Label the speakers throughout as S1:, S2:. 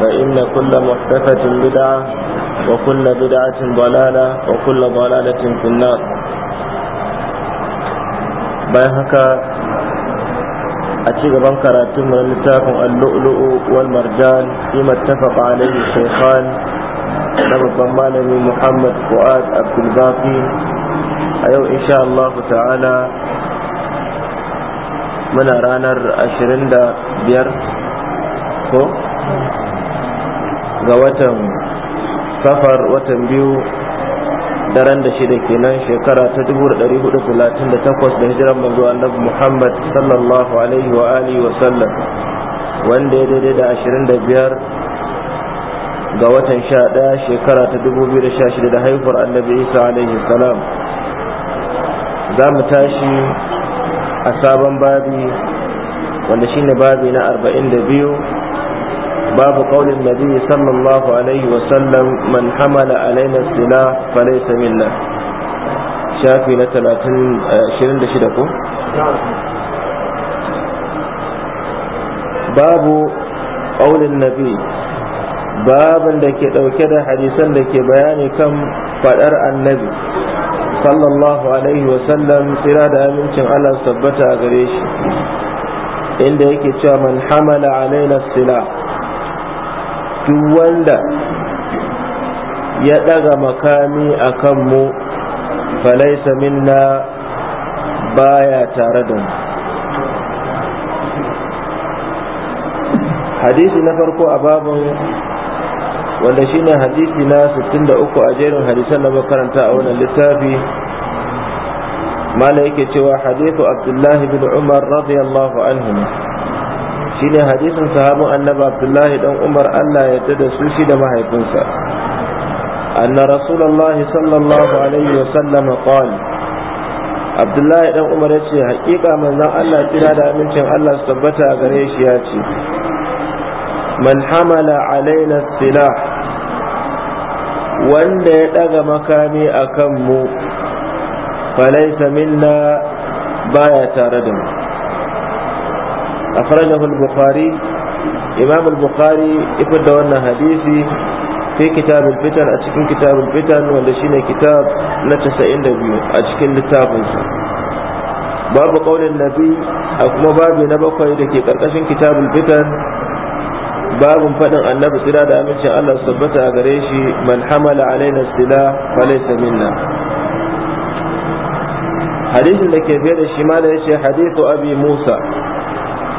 S1: فإن كل محدثة بدعة وكل بدعة ضلالة وكل ضلالة في النار بيهك أتيك بنكرة من لتاكم اللؤلؤ والمرجان فيما اتفق عليه الشيخان نبض محمد فؤاد عبد الباقي أيوة إن شاء الله تعالى muna ranar ashirin da biyar ko ga watan safar watan biyu daren da shida kenan shekara ta 1438 da hijiran manzo annabi Muhammad sallallahu alaihi wa alihi wa sallam wanda ya daidai da 25 ga watan 11 shekara ta 2016 da haihuwar annabi Isa alaihi salam za mu tashi a sabon babi wanda shine babi na 42 باب قول النبي صلى الله عليه وسلم من حمل علينا السلاح فليس منا شافي لثلاثين شرين دشدكو باب قول النبي babin da ke ɗauke da hadisan da ke bayani kan faɗar annabi sallallahu alaihi wasallam tsira da amincin Allah tabbata a gare shi inda yake cewa man hamala alaina sila duk wanda ya ɗaga makami a kanmu falaisa minna baya tare da mu hadisi na farko a babin wanda shine hadisi na 63 a jerin hadisan da makaranta a wannan littafi mala yake cewa hadithu abdullahi bin umar radiyallahu anhu shine hadisin sahabin annabi abdullahi dan umar allah ya yarda da su shi da mahaifinsa anna rasulullahi sallallahu alaihi wa sallam qala abdullahi dan umar ya ce hakika manzon allah kira da amincin allah su tabbata gare shi ya ce man hamala alaina silah wanda ya daga makami akan mu falaisa minna baya tare da mu أخرجه البخاري إمام البخاري يفد وانا حديثي في كتاب الفتن أتكين كتاب الفتن ولشين كتاب نتسئين نبي أتكين لتاب باب قول النبي أكما باب نبقى يدكي قرقشن كتاب الفتن باب فدن النبي صلى الله عليه وسلم الله ثبت أغريشي من حمل علينا السلاح فليس منا حديث لك ke fiye da shi ma da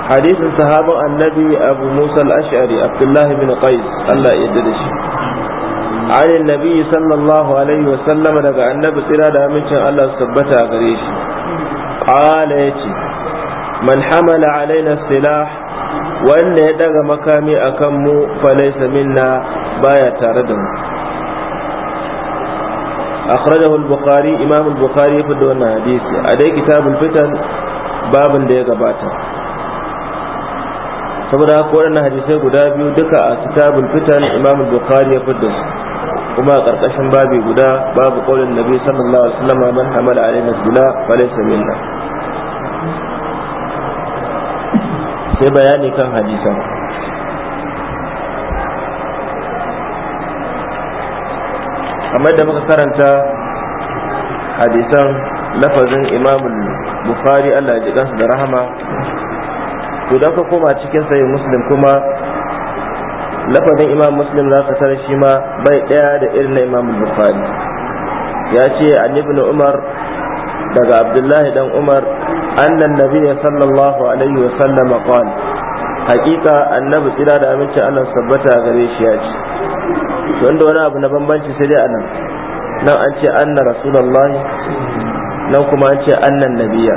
S1: hadisin sahaban annabi abu musa al-ash'ari abdullahi bin qais Allah ya yarda da shi عن النبي صلى الله عليه وسلم daga annabi Sira da amincin Allah su tabbata gare shi qala yace man hamala alaina silah wanda ya daga makami akan mu fa minna baya tare da mu أخرجه البخاري إمام البخاري في الدون حديث أدي كتاب الفتن باب ده saboda haka waɗannan hadisai guda biyu duka a kitabul fitan imam bukhari ya fidda su kuma a ƙarƙashin babi guda babu ƙaunin nabi sallallahu alaihi wasallam man hamala alaihi nasbila fa laysa minna sai bayani kan hadisan kamar da muka karanta hadisan lafazin imam bukhari Allah ya ji da rahama to da ka koma cikin sai muslim kuma lafazin imam muslim za ka tara shi ma bai daya da irin na imam bukhari ya ce an ibn umar daga abdullahi dan umar annan nabi sallallahu alaihi wa sallam qala hakika annabi tsira da aminci Allah sabbata gare shi ya ce wanda wani abu na bambanci sai dai anan nan an ce anna rasulullahi nan kuma an ce annan nabiyya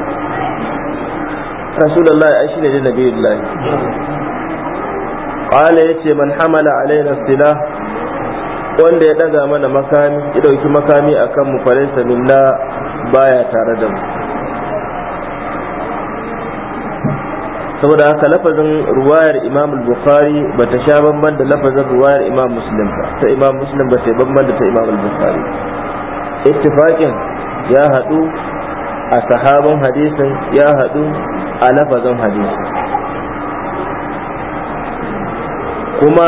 S1: rasulullahi ai shine da nabiyullahi qala yace man hamala alaina silah wanda ya daga mana makami ya ɗauki makami akan mu falaysa minna baya tare da mu saboda haka lafazin ruwayar imam bukhari ba ta sha bamban da lafazin ruwayar imam muslim ba ta imam muslim ba ta bamban da ta imam bukhari ittifaqin ya haɗu a sahabin hadisin ya haɗu a lafazin hadisin kuma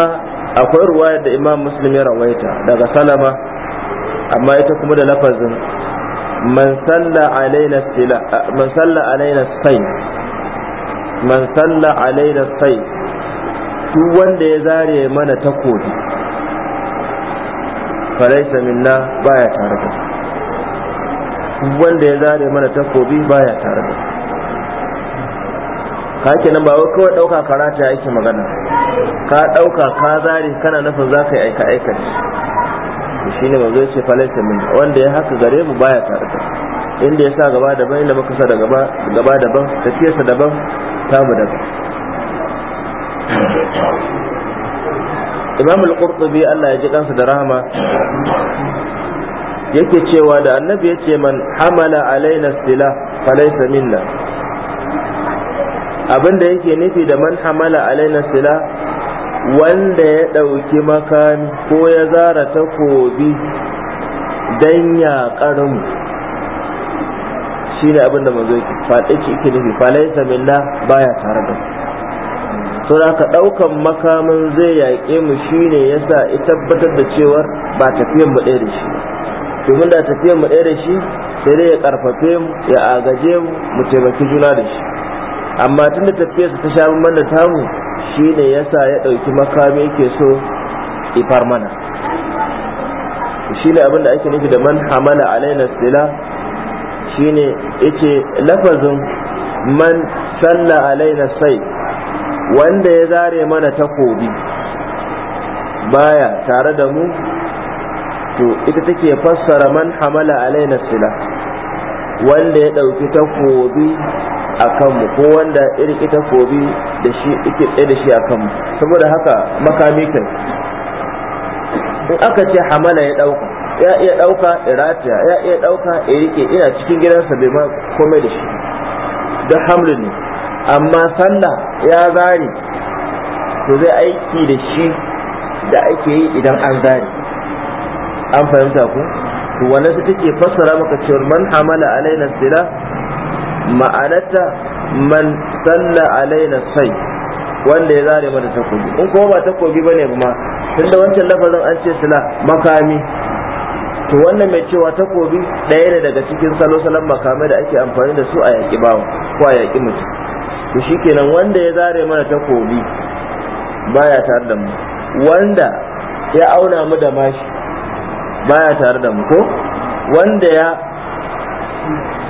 S1: akwai ruwayar da imam muslim ya rawaita daga salama amma ita kuma da lafazin man salla alaina sai man salla alaina sai duk wanda ya zare mana takobi falaisa minna baya tare da wanda ya zare mana takobi baya tare da ka nan ba wai kawai ɗauka karata yake magana ka ɗauka ka zare kana nufin za ka yi aika aika shi ne mazo ce falaita min wanda ya haka gare mu baya tare da inda ya sa gaba daban inda muka sa da gaba daban tafiyarsa daban tamu daban imam al-qurtubi Allah ya ji kansa da rahama yake cewa da annabi ya ce man hamala alaina sila falaysa minna abinda yake nufi da man hamala alaina sila wanda ya ɗauki makami ko ya zara takobi don yaƙarinmu shi ne abinda mazo faɗi ki ke nufi falaisa minna baya tare da to da ka ɗaukan makamin zai yaƙe mu shi ne ya sa tabbatar da cewar ba tafiyan mu ɗaya da shi ba domin da tafiyar mu ɗaya da shi sai dai ya karfafe mu ya agaje mu mu taimaki juna da shi amma tun da su ta sha mun da tamu shine yasa ya ɗauki makami yake so ifar mana shine abin da ake nufi da man hamala alaina sila shine yace lafazin man salla alaina sai wanda ya zare mana takobi baya tare da mu to ita take fassara man hamala alaina sila wanda ya ɗauki takobi a kanmu ko wanda iri ita kobi da shi ike tsaye da shi a kanmu saboda haka makami kai in aka ce hamala ya ɗauka ya iya dauka ya ya iya ɗauka ya ina cikin gidansa bai ma komai da shi da hamlin ne amma sallah ya zari to zai aiki da shi da ake yi idan an zari an fahimta ku to wanda ta take fassara maka cewar man hamala alaina sila ma'anata man salla alaina sai wanda ya zare mana takobi in kuma ba takobi bane kuma tunda wancan lafazin an ce sila makami to wannan mai cewa takobi ɗaya ne daga cikin salo salon makamai da ake amfani da su a yaƙi bawa ko a yaƙi mutum to shikenan wanda ya zare mana takobi baya tare da mu wanda ya auna mu da mashi baya tare da mu ko wanda ya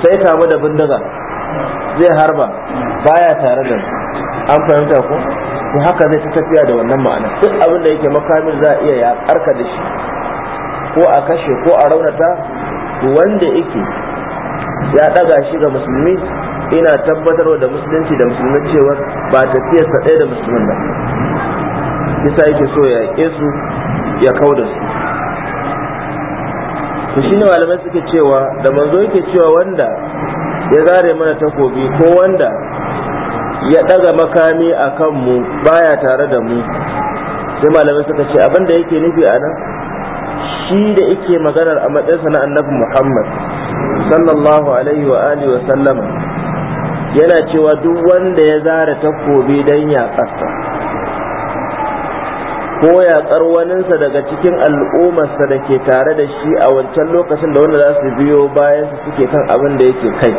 S1: sai kamu da bindiga zai harba baya tare da mu an fahimta ko to haka zai ta tafiya da wannan ma'ana duk abin da yake makamin za a iya ya karka da shi ko a kashe ko a raunata wanda yake ya daga shi ga musulmi ina tabbatar da musulunci da musulmi cewar ba tafiyarsa ɗaya da musulmin ba kisa yake so ya kesu su ya da su to ne malamai suke cewa da manzo yake cewa wanda ya zare mana takobi ko wanda ya daga makami a kanmu baya tare da mu sai malamai suka ce abin da yake nufi a nan shi da yake maganar a matsayinsa na annabi muhammad sallallahu alaihi wa alihi wa sallama yana cewa duk wanda ya zare takobi dan ya kasa ko yaƙar waninsa daga cikin al'ummarsa da ke tare da shi a wancan lokacin da wanda za su biyo su suke kan abin da yake kai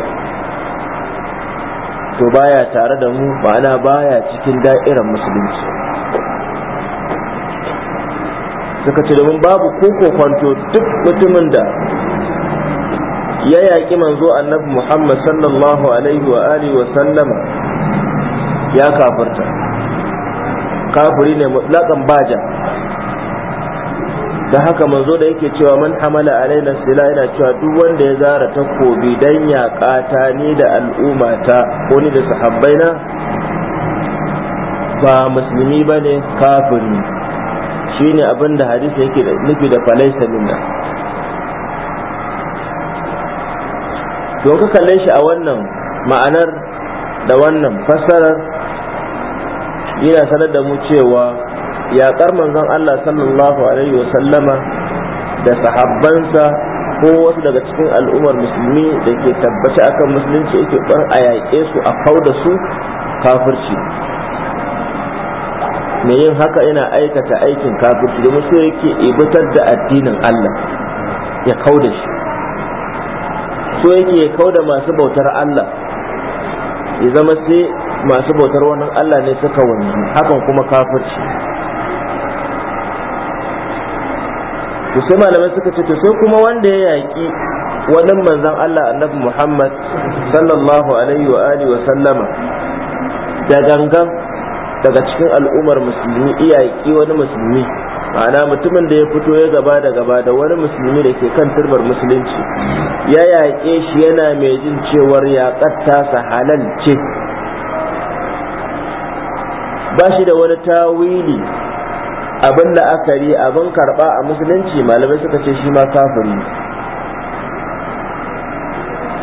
S1: to baya tare da mu ma'ana baya cikin da'irar musulunci suka ce domin babu koko kwanto duk mutumin da ya yaƙi manzo annabi muhammad sallallahu alaihi wa alihi wa sallama ya kafirta kafiri ne mutlaqan baja da haka manzo da yake cewa man hamala alaina sila yana cewa duk wanda ya zara takobi dan ya kata ni da al'umma ta ko ni da na ba musulmi bane kafiri shine abin da hadisi yake nufi da falaisa minna to ka kalle shi a wannan ma'anar da wannan fassarar yana sanar da mu cewa yaƙar manzon Allah sallallahu alaihi wasallama da sahabbansa ko wasu daga cikin al'ummar musulmi da ke tabbaci akan musulunci yake ban a yaƙe su a kau da su kafirci Me yin haka yana aikata aikin kafirci domin so yake ibutar da addinin Allah ya kau shi so yake ya kau da masu bautar Allah ya zama sai masu bautar wannan Allah ne suka wanzu hakan kuma kafirci to sai malamai suka ce to sai kuma wanda ya yaƙi wannan manzon Allah annabi Muhammad sallallahu alaihi wa alihi wa sallama da gangan daga cikin al'ummar musulmi yaƙi wani musulmi ma'ana mutumin da ya fito ya gaba da gaba da wani musulmi da ke kan turbar musulunci ya yaƙe shi yana mai jin cewar yaƙar tasa halal ce ba shi da wani tawili abin la'akari abin karba a musulunci malamai suka ce shi ma kafiri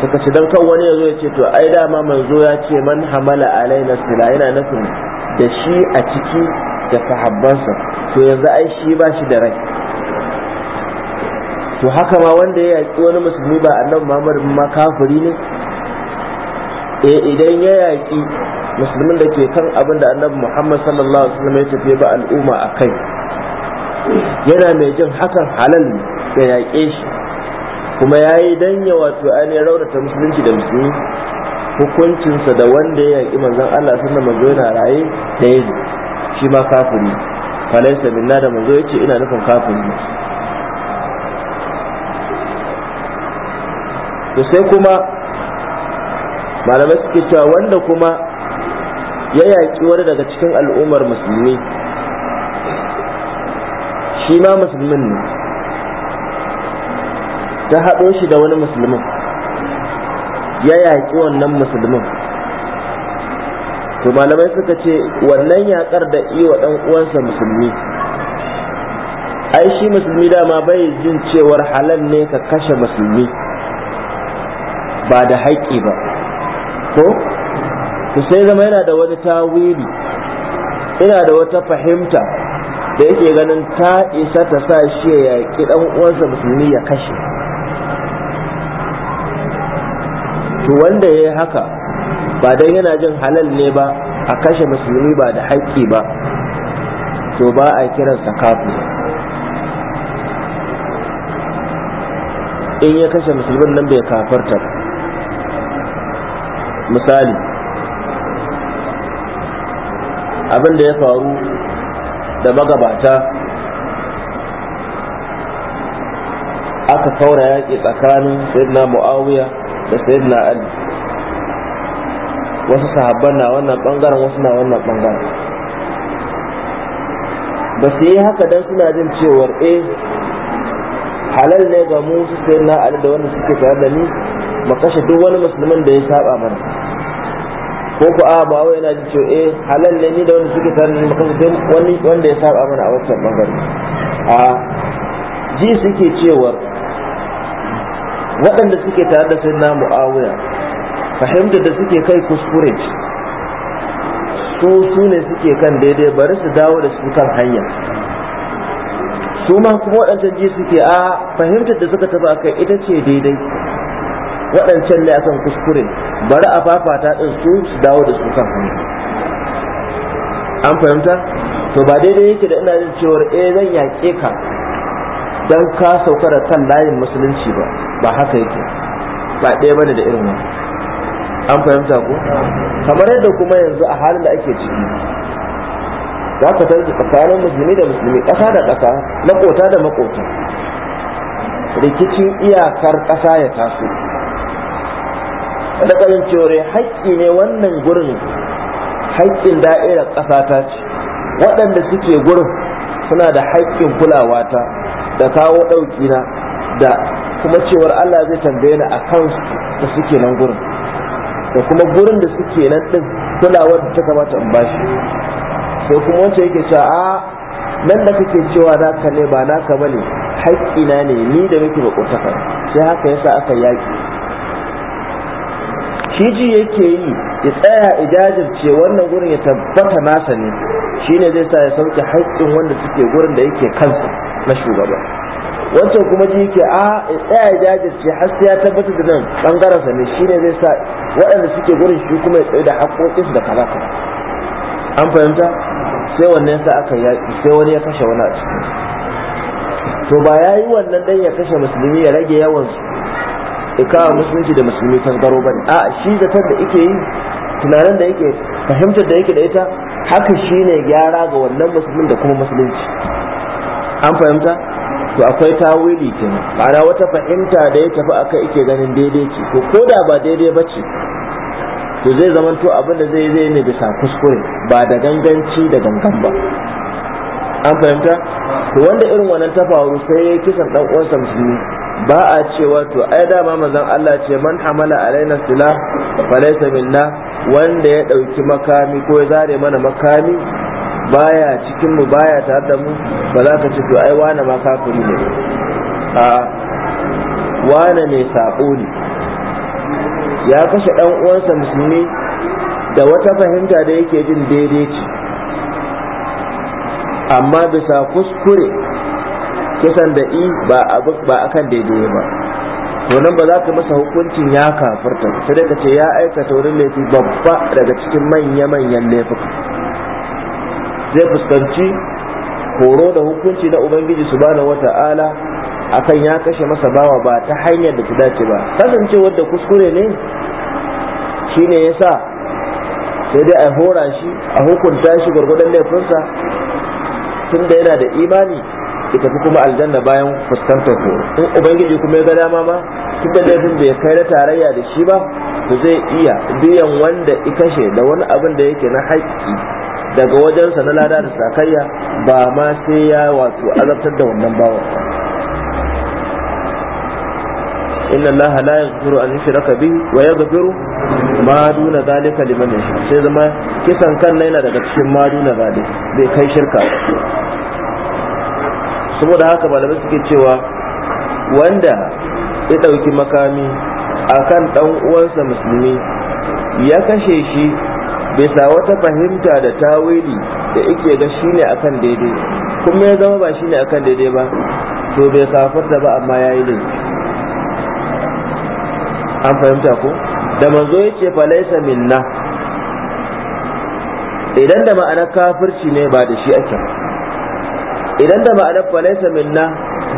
S1: suka ce don kan wani yazo zo ya ce to ai dama manzo ya ce man hamala alaina sila yana nufin da shi a ciki da sahabbansa to yanzu ai shi ba shi da rai to haka ma wanda ya yaki wani musulmi ba annabi Muhammad ma kafiri ne eh idan ya yaki. musulmin da ke kan abin da annabi muhammad sallallahu alaihi wasallam ya tafi ba al'umma a kai yana mai jin hakan halal da yaƙe shi kuma ya yi dan ya wato ainihin raunata musulunci da musulmi hukuncinsa da wanda ya yaƙi manzon allah sannan manzo yana raye da ya shi ma kafiri falaisa minna da manzo ya ce ina nufin kafiri to sai kuma malamai suke cewa wanda kuma ya yaƙi wani daga cikin al'ummar musulmi shi ma musulmin ne ta haɗo shi da wani musulmin ya yaƙi wannan musulmin to malamai suka ce wannan yaƙar da wa ɗan uwansa musulmi ai shi musulmi dama bai jin cewar halal ne ka kashe musulmi ba da haƙƙi ba ko to sai zama yana da wani tawili ina da wata fahimta da yake ganin ta isa ta sa shi ya yaƙi ɗan uwansa musulmi ya kashe to wanda ya yi haka ba dan yana jin halal ne ba a kashe musulmi ba da haƙƙi ba to ba a kiransa kafin in ya kashe musulmin nan bai kafarta misali abin da ya faru da magabata aka kaura yaƙi tsakanin sayyidina mu'awiya da sayyidina ali wasu sahabban na wannan bangaren wasu na wannan bangaren ba su yi haka don suna jin cewar eh halal ne ga mu su sayyidina ali da wanda suke tare da ni mu kashe duk wani musulmin da ya saba mana ko ku a ba wai yana ji cewa eh halal ne ni da wanda suke tare da sai wani wanda ya saba mana a wancan bangare a ji suke cewa waɗanda suke tare da na muawiya fahimta da suke kai kuskure su su ne suke kan daidai bari su dawo da su kan hanya su ma kuma waɗancan ji suke a fahimtar da suka taba kai ita ce daidai waɗancan ne akan kuskure bari a fafata ɗin su su dawo da su kan hannu an fahimta to ba daidai yake da ina jin cewar eh zan yaƙe ka dan ka sauka da kan layin musulunci ba ba haka yake ba ɗaya bane da irin wannan an fahimta ko kamar yadda kuma yanzu a halin da ake ciki za ka tarki tsakanin musulmi da musulmi ƙasa da ƙasa makota da makota rikicin iyakar ƙasa ya taso da ƙarin cewa haƙƙi ne wannan gurin haƙƙin da'irar ƙasa ta ce waɗanda suke gurin suna da haƙƙin kulawa ta da kawo ɗauki na da kuma cewar Allah zai tambaye ni akan da suke nan gurin da kuma gurin da suke nan ɗin kulawar da ta kamata in bashi sai kuma wacce yake cewa a nan da kake cewa naka ne ba naka bane haƙƙina ne ni da nake bakotaka sai haka yasa aka yaƙi shi ji yake yi ya tsaya ijajirce wannan gurin ya tabbata nasa ne shi ne zai sa ya sauke haƙƙin wanda suke gurin da yake kansa na shugaba wancan kuma ji yake a ya tsaya ijajirce har sai ya tabbata da nan ɓangarensa ne shi ne zai sa waɗanda suke gurin shi kuma ya tsaye da haƙƙoƙinsu da kaza an fahimta sai wannan sa aka yaƙi sai wani ya kashe wani a cikin to ba ya yi wannan dan ya kashe musulmi ya rage yawan su kawo musulunci da musulmi tasgaro bane a shi da zatar da yake yi tunanin da yake fahimtar da yake da ita haka shine gyara ga wannan musulmin da kuma musulunci an fahimta to akwai tawili kenan ma'ana wata fahimta da ya tafi aka yake ganin daidai ce ko da ba daidai ba ce to zai zamanto abin da zai zai ne bisa kuskure ba da ganganci da gangan ba an fahimta to wanda irin wannan ta faru sai ya kisan dan uwansa musulmi ba a cewa to ai dama manzon Allah ce man hamala alaina sila falaysa minna wanda ya dauki makami ko ya zare mana makami baya cikin mu baya ta da mu ba za ka ce to ai wane ma kafiri ne a wane mai sako ne ya kashe dan uwansa musulmi da wata fahimta da yake jin daidai ce amma bisa kuskure kisan da i ba abu ba akan daidai ba to ba za ka masa hukuncin ya kafirta sai da ce ya aikata wurin laifi babba daga cikin manya manyan laifuka zai fuskanci horo da hukunci na ubangiji subhanahu wata'ala akan ya kashe masa bawa ba ta hanyar da ta dace ba kasancewar da kuskure ne shine yasa sai dai a hora shi a hukunta shi gurgurdan laifinsa tun da yana da imani ki tafi kuma aljanna bayan fuskantar ku in ubangiji kuma ya ga dama ma tunda laifin bai kai na tarayya da shi ba to zai iya biyan wanda i kashe da wani abin da yake na haƙƙi daga wajensa na lada da sakayya ba ma sai ya wato azabtar da wannan bawan inna allaha la yaghfiru an yushraka bihi wa yaghfiru ma duna zalika liman yasha sai zama kisan kan na yana daga cikin ma duna zalika bai kai shirka saboda haka malamai suke cewa wanda ya ɗauki makami kan ɗan uwansa musulmi ya kashe shi bisa wata fahimta da tawili da ike ga shine kan daidai kuma ya zama ba shine kan daidai ba to bai kafar da ba amma ya yi laifi an fahimta ko da manzo ya ce falaisa minna idan da ma'ana kafirci ne ba da shi ake idan da ma'anar falaisa minna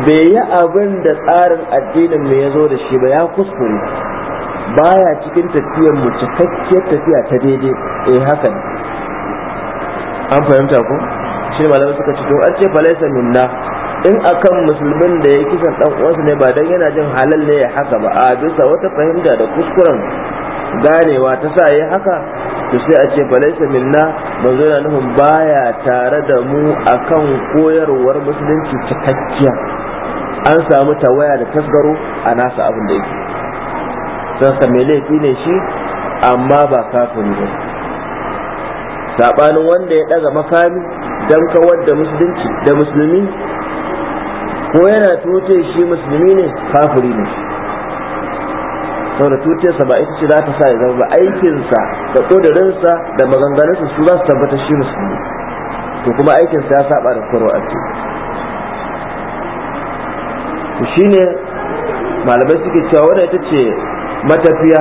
S1: bai yi abin da tsarin addinin mu ya zo da shi ba ya kuskure baya cikin tafiyar mu cikakkiyar tafiya ta daidai eh haka ne an fahimta ko shi malamai suka ce to an ce falaisa minna in akan musulmin da ya kisan dan uwansa ne ba dan yana jin halal ne ya haka ba a bisa wata fahimta da kuskuren ganewa ta sa yi haka to sai a ce falaisa minna manzo yana nufin baya tare da mu akan koyarwar musulunci cikakkiya an samu tawaya da tasgaro a nasa abin da yake sassa mai laifi ne shi amma ba kafin ne saɓanin wanda ya ɗaga makami don kawar da musulunci da musulmi ko yana tuce shi musulmi ne kafiri ne saboda tutiyarsa ba ita ce za ta sa ya zama ba aikinsa da ƙudurinsa da maganganunsa su za su tabbata shi musulmi to kuma aikinsa ya saba da koro addini shine malamai suke cewa wadda ita ce matafiya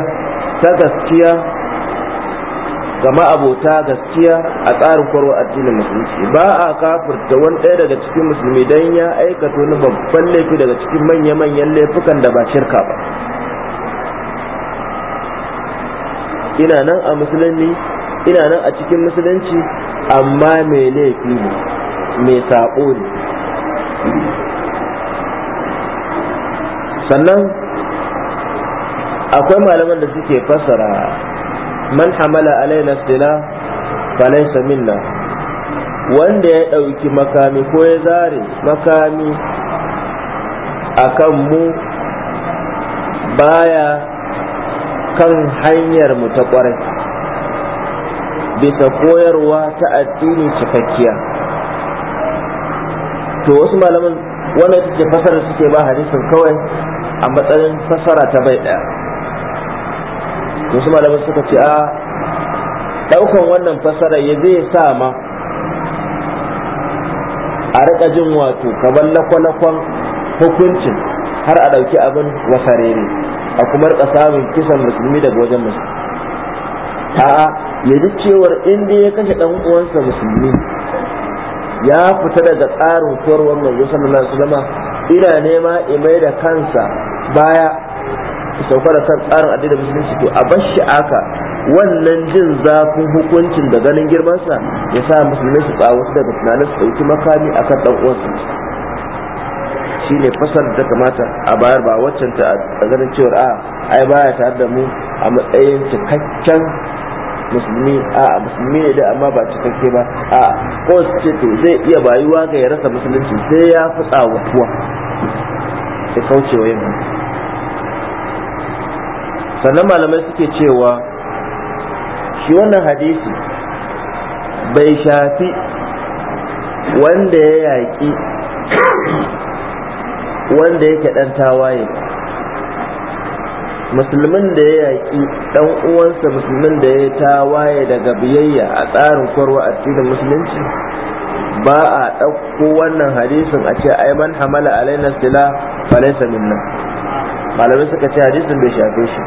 S1: ta gaskiya ga ma'abota gaskiya a tsarin koro addinin musulunci ba a da wani ɗaya daga cikin musulmi don ya aikata wani babban laifi daga cikin manya-manyan laifukan da ba shirka ba ina nan a musulmi ina nan a cikin musulunci amma mai laifi ne mai saƙo ne sannan akwai malaman da suke fassara man hamala alaina sila falaisa minna wanda ya ɗauki makami ko ya zare makami akan mu baya kan hanyar mu ta kwarai bisa koyarwa ta addini cikakkiya to wasu malaman wannan ita fasara suke ba hadisin kawai a matsayin fasara ta bai ɗaya wasu malaman suka ce a ɗaukan wannan fasara ya zai sa ma a riƙa jin wato kamar lakwalakwan hukuncin har a ɗauki abin wasarere a kuma rika samun kisan musulmi daga wajen musulmi a'a ya ji cewar inda ya kashe dan uwansa musulmi ya fita daga tsarin koyarwar manzo sallallahu na zama. ina nema ya mai da kansa baya sauka da kan tsarin addinin musulunci to a bashi aka wannan jin zafin hukuncin da ganin girmansa ya sa musulmi su tsawo daga tunanin su ɗauki makami akan ɗan uwansa shine fasar da kamata a bayar ba waccan ta a ganin cewar a ah, ai baya tare da mu a matsayin cikakken musulmi a musulmi ne da amma ba cikakke ba a ko ce to zai iya bayuwa ga ya rasa musulunci sai ya fi tsawatuwa ya kauce wa yin sannan malamai suke cewa shi wannan hadisi bai shafi wanda ya yaƙi wanda yake dan tawaye musulmin da ya yaƙi ɗan uwansa musulmin da ya tawaye daga biyayya a tsarin korwa addinin musulunci ba a ɗauko wannan hadisin a ce ai man hamala alaina sila falaisa minna malamai suka ce hadisin bai shafe shi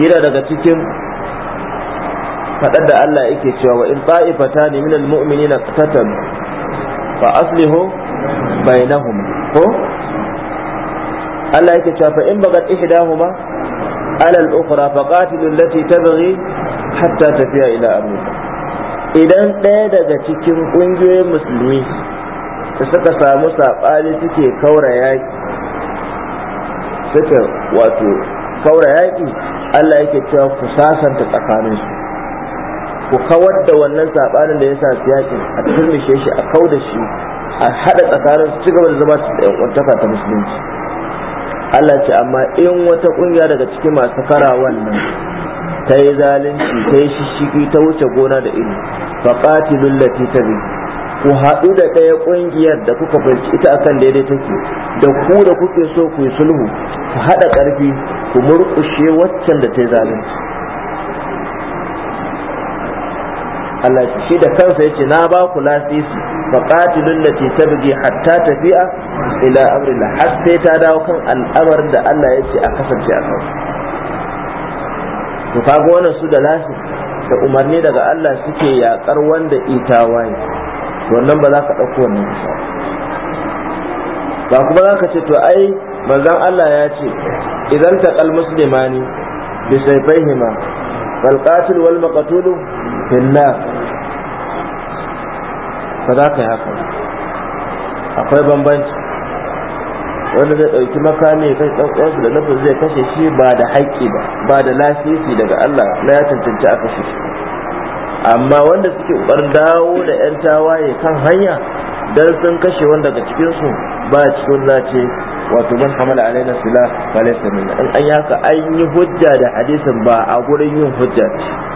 S1: shi daga cikin faɗar da Allah yake cewa wa in ta'ifata ne minal mu'minina qatatalu fa aslihu bainahuma ko Allah yake cewa fa in bagat ihdahuma ala al-ukhra fa qatilu allati tabghi hatta tafiya ila amrika idan ɗaya daga cikin ƙungiyoyin musulmi da suka samu saɓani suke kaura yaƙi suke wato kaura yaƙi Allah yake cewa ku sasanta tsakaninsu ku kawar da wannan saɓanin da ya sa su yaƙin a turmishe shi a kau da shi a haɗa tsakanin su cigaba da zama su da yankuntaka ta musulunci Allah ce amma in wata ƙungiya daga cikin masu fara wannan ta yi zalunci ta yi shishigi ta wuce gona da ido faƙatilun lati ta ku haɗu da ɗaya ƙungiyar da kuka fahimci ita akan daidai take da ku da kuke so ku yi sulhu ku haɗa ƙarfi ku murƙushe waccan da ta yi zalunci Allah shi da kansa yace na ba ku lasisi fa qatilul lati tabghi hatta tafi'a ila amrillah har sai ta dawo kan al'amarin da Allah yace a kasance a kansa to kaga wannan su da lasisi da umarni daga Allah suke yaƙar wanda itawaye wannan ba za ka dauko wannan ba kuma za ka ce to ai manzon Allah ya ce idan taqal muslimani bi sayfayhima fal qatil wal maqtul Fina ba za ka yi haka akwai bambanci wanda zai ɗauki makami ya kai ɗan'uwansu da nufin zai kashe shi ba da haƙƙi ba ba da lasisi daga Allah na ya cancanci a kashe shi amma wanda suke ƙoƙarin dawo da 'yan tawaye kan hanya don sun kashe wanda daga cikinsu ba cikin zace wato man hamala alaina sila ba laysa an in haka an yi hujja da hadisin ba a gurin yin hujja ce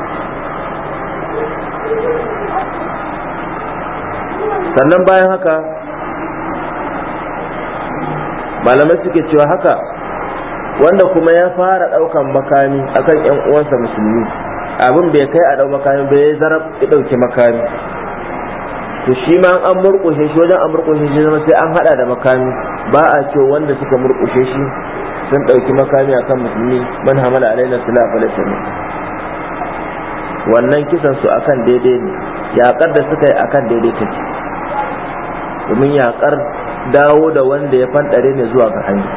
S1: sannan bayan haka malamai suke cewa haka wanda kuma ya fara ɗaukan makami akan yan uwansa musulmi abin bai kai a ɗau makami bai ya zarar ya ɗauki makami to shi ma an murƙushe shi wajen an murƙushe shi zama sai an haɗa da makami ba a ce wanda suka murƙushe shi sun ɗauki makami akan musulmi man hamala alaina sila wasallam wannan kisan su akan daidai ne yaƙar da suka yi akan daidai take domin yaƙar dawo da wanda ya fanɗare ne zuwa ga hanya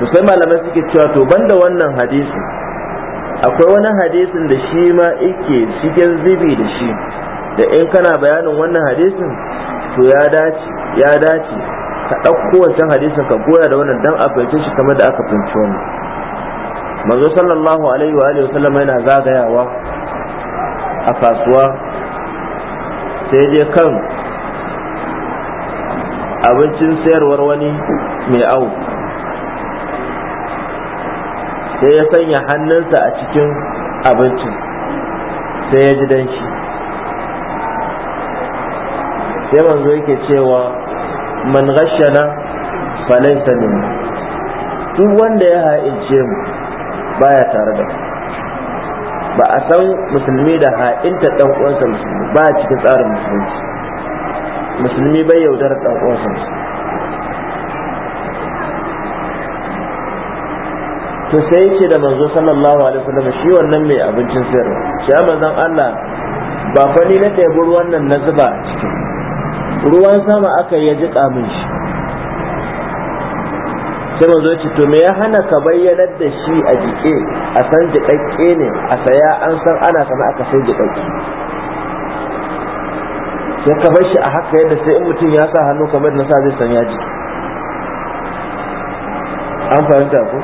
S1: to sai malamai suke cewa to banda wannan hadisi akwai wani hadisin da shi ma yake cikin zibi da shi da in kana bayanin wannan hadisin to ya dace ya dace ka ɗauko wancan hadisin ka goya da wannan dan a shi kamar da aka fahimci wannan manzo sallallahu alaihi wa alihi wasallam yana zagayawa a kasuwa sai je kan abincin sayarwar wani mai au sai ya sanya hannunsa a cikin abincin sai ya ji danshi sai manzo yake cewa man gashana falaysa ne duk wanda ya ha'ince mu baya tare da ba a san musulmi da ha'inta dan uwansa musulmi ba cikin tsarin musulunci musulmi bai yaudarar dan uwansa to sai yake da manzo sallallahu alaihi wasallam shi wannan mai abincin sayar shi manzon Allah ba fa ni na tebur wannan na zuba cikin ruwan sama aka yi ya ji min shi sai manzo ce to me ya hana ka bayyanar da shi a jike a san jiƙaƙƙe ne a saya an san ana sana aka sai jiƙaƙƙe sai ka bar shi a haka yadda sai in mutum ya sa hannu kamar na sa zai sanya jiki an fahimta ko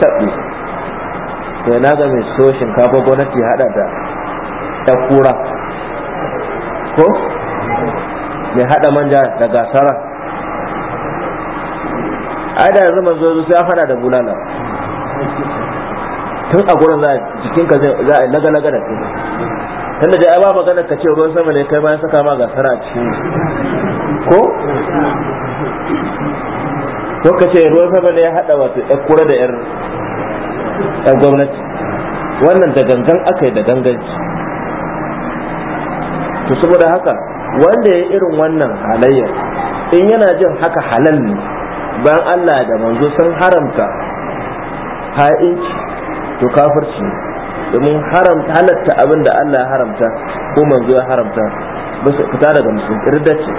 S1: tabbi sai na ga mai so shinkafa gwamnati hada da ta kura ko mai hada manja da gasara ai da yanzu manzo sai ya fada da bulala tun a gurin jikinka za a laga laga da ke tunda da ba magana ka ce ruwan sama ne kai bayan saka ma gasara a cikin ko ko ka ce ruwan sama ne ya hada wato ya kura da yar yar gwamnati wannan da gangan aka yi da ganganci to saboda haka wanda ya irin wannan halayyar in yana jin haka halal ne bayan Allah da manzo sun haramta ha'inci to kafirci domin haramta halatta abin da Allah ya haramta ko manzo ya haramta bisa fita daga musulunci irdace ce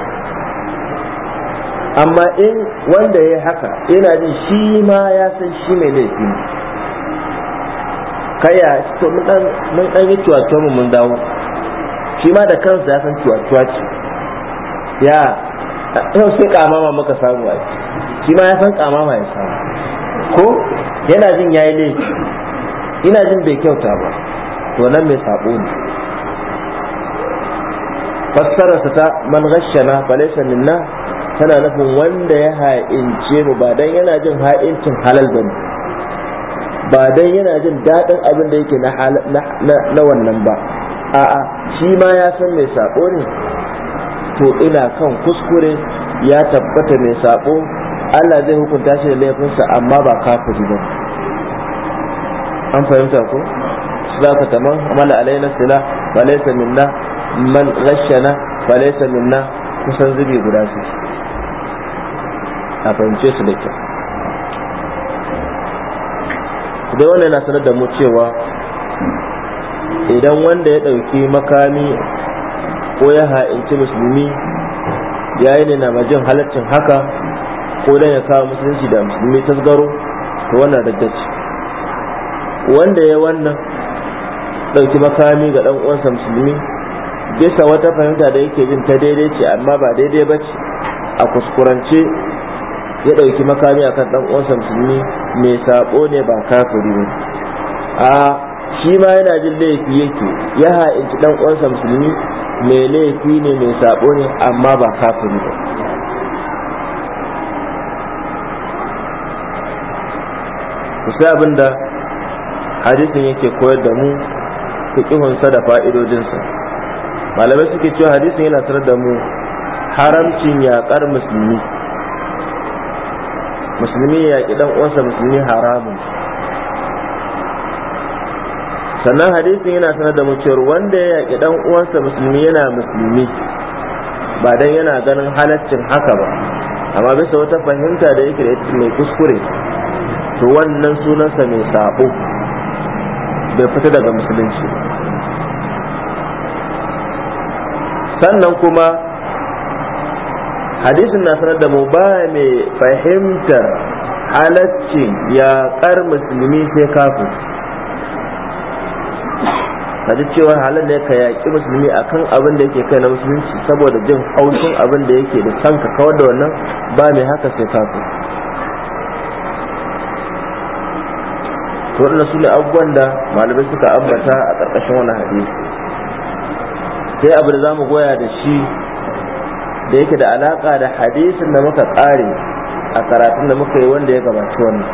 S1: amma in wanda ya haka yana jin shi ma ya san shi mai laifi ne kaya to mun dan yi cuwatuwa mu mun dawo shi ma da kansa ya san cuwatuwa ce ya sai kama ma muka samu a shi ma ya san ma ya samu ko yana jin yayi laifi ina jin bai kyauta ba to nan mai sabo ne fassararsa ta man ghashana falaysa minna tana nufin wanda ya ha'ince mu ba dan yana jin ha'incin halal ba ba dan yana jin daɗin abin da yake na wannan ba a'a shi ma ya san mai sabo ne to ina kan kuskure ya tabbata mai sabo Allah zai hukunta shi da laifinsa amma ba kafiri ba an fahimta ko za ka taman mala alaina sila ba laisa minna man rashana ba laisa minna kusan zubi guda su a fahimce su da kyau dai wannan yana sanar da mu cewa idan wanda ya ɗauki makami ko ya ha'inci musulmi yayi yi ne na majin halaccin haka ko dan ya kawo musulunci da musulmi tasgaro to wannan raddaci wanda ya wannan ɗauki makami ga ɗan uwansa musulmi bisa wata fahimta da yake jin ta daidai ce amma ba daidai ba ce a kuskurance ya ɗauki makami akan ɗan uwansa musulmi mai saɓo ne ba kafiri ne a shi ma yana jin laifi yake ya ha'inci ɗan uwansa musulmi mai laifi ne mai saɓo ne amma ba kafiri ba ku sai abin da hadisin yake koyar da mu fiqihunsa da fa'idodinsa malamai suke cewa hadisin yana sanar da mu haramcin yaƙar musulmi musulmi ya yaƙi ɗan uwansa musulmi haramun sannan hadisin yana sanar da mu cewar wanda ya yaƙi ɗan uwansa musulmi yana musulmi ba dan yana ganin halaccin haka ba amma bisa wata fahimta da yake da mai kuskure to wannan sunansa mai sabo bai fita daga musulunci sannan kuma hadisin na sanar da mu ba mai fahimtar halaccin kar musulmi sai kafin kaji cewa halin da ka yaƙi musulmi akan abin da yake kai na musulunci saboda jin haushin abin da yake da kanka kawar da wannan ba mai haka sai kafin to wannan su ne abubuwan da malamai suka ambata a ƙarƙashin wani hadisi sai abu da za mu goya da shi da yake da alaƙa da hadisin da muka ƙare a karatun da muka yi wanda ya gabata wannan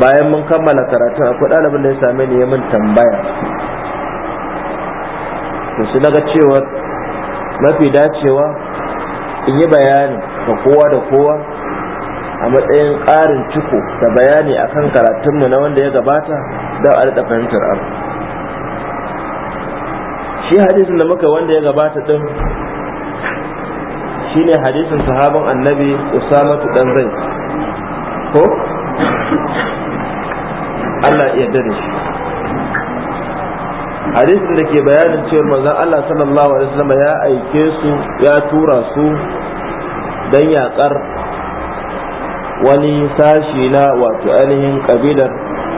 S1: bayan mun kammala karatun akwai ɗalibin da ya same ni ya min tambaya to su daga cewa mafi dacewa in yi bayani ga kowa da kowa a matsayin ƙarin ciko da bayani a kan karatunmu na wanda ya gabata don a fahimtar abu shi hadisin da muka wanda ya gabata shi shine hadisin sahabin annabi usama dan zai ko Allah ya yarda da shi hadisin da ke bayanin cewar manzon Allah sallallahu alaihi wasallam ya aike su ya tura su dan yaƙar. wani sashi na wato ainihin kabilar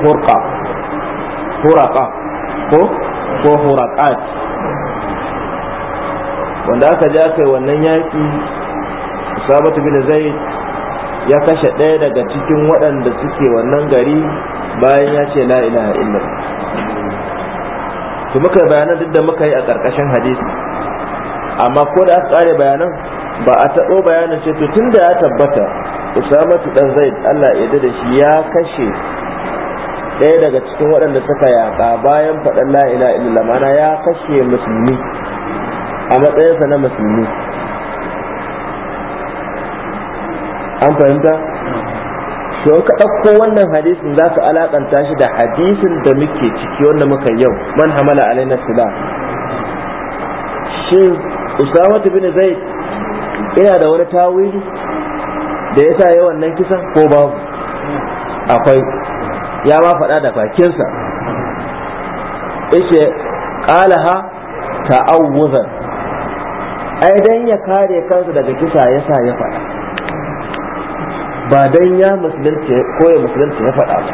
S1: hurqa huraqa ko ko wanda aka aka yi wannan yaki sabatu bin zaid ya kashe ɗaya daga cikin waɗanda suke wannan gari bayan ya ce la ilaha illa to muka bayanan duk da muka yi a ƙarƙashin hadisi amma ko da aka ƙare bayanan ba a taɓo bayanin ce to tun da ya tabbata usamatu dan zaid Allah ya shi ya kashe ɗaya daga cikin waɗanda suka yaƙa bayan faɗin la ila illa ya kashe musulmi a matsayinsa na musulmi an fahimta to ka ɗauko wannan hadisin za ka alaƙanta shi da hadisin da muke ciki wanda muka yau man hamala na sila shin usamatu bin zaid ina da wani tawili da ya sa yawan nan kisan ko babu akwai ya ba faɗa da bakinsa ishe ƙalaha ta'awuzan ai dan ya kare kansa daga kisa ya sa ya faɗa ba dan ya musulunci ko ya musulunci ya faɗa ba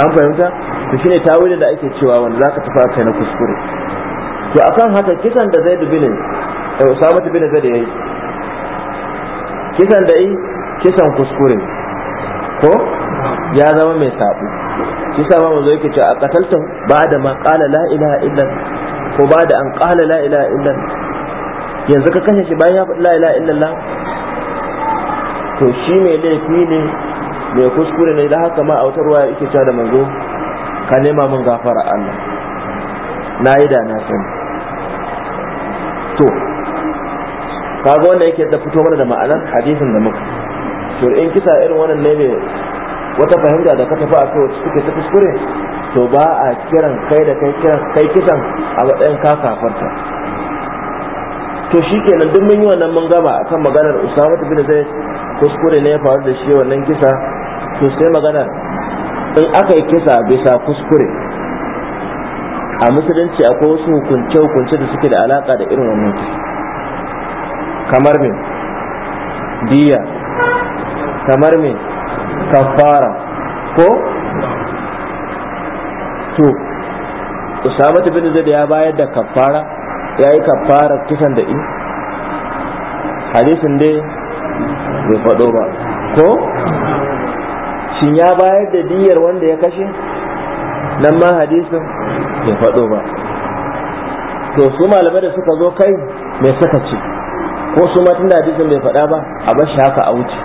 S1: an fahimta to shine tawilin da ake cewa wanda zaka tafi kai na kuskure to akan haka kisan da Zaid bin eh, Usama bin Zaid yayi kisan da yi kisan kuskure ko ya zama mai sabu shi sa ba mu zo yake cewa a ba ba'da ma qala la ilaha illa ko ba'da an qala la ilaha illa yanzu ka kashe shi bayan ya faɗi la ilaha illallah to shi mai laifi ne mai kuskure ne da haka ma a wata ruwa yake cewa da manzo ka nema min gafara Allah na yi da na sani to kaga wanda yake da fito mana da ma'anar hadisin da muka to in kisa irin wannan ne ne wata fahimta da ka tafi a kai wacce suke ta kuskure to ba a kiran kai da kai kiran kai kisan a matsayin ka kafarta to shi kenan duk mun yi wannan mun gama kan maganar usama bin zai kuskure ne ya faru da shi wannan kisa to sai maganar in aka yi kisa bisa kuskure a musulunci akwai wasu hukunce hukunce da suke da alaka da irin wannan kisa kamar me diya kamar me kafara ko to usama bin zaid ya bayar da kafara ya yi kafara kisan da in hadisin dai bai faɗo ba ko shin ya bayar da diyar wanda ya kashe nan ma hadisin bai faɗo ba to su malamai da suka zo kai mai suka ce ko su ma tun da hadisin bai faɗa ba a bar haka a wuce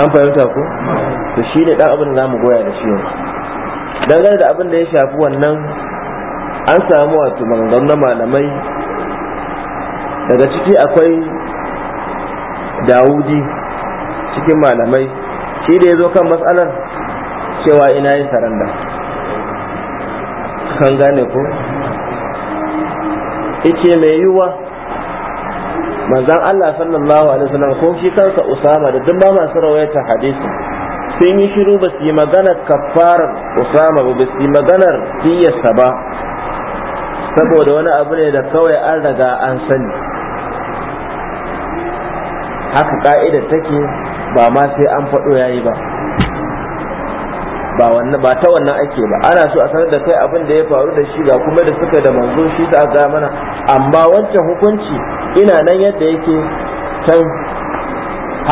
S1: an fahimta ko to shi ne dan abin da zamu goya da shi yanzu dangane da abin da ya shafi wannan an samu wato maganganu na malamai daga ciki akwai dawudi cikin malamai shi da ya zo kan matsalar cewa ina yin saranda kan gane ko ice mai yiwuwa Manzan Allah sallallahu alaihi wasallam ko shi kansa Usama da duk ba masu rawaita hadisi sun yi shiru ba su yi maganar kafarar Usama ba su yi maganar diyarsa ba saboda wani abu ne da kawai an daga an sani haka ka'idar take ba ma sai an faɗo yayi ba ba wannan ba ta wannan ake ba ana so a sanar da kai abin da ya faru da shi ga kuma da suka da manzo shi ta ga mana amma wancan hukunci ina nan yadda yake can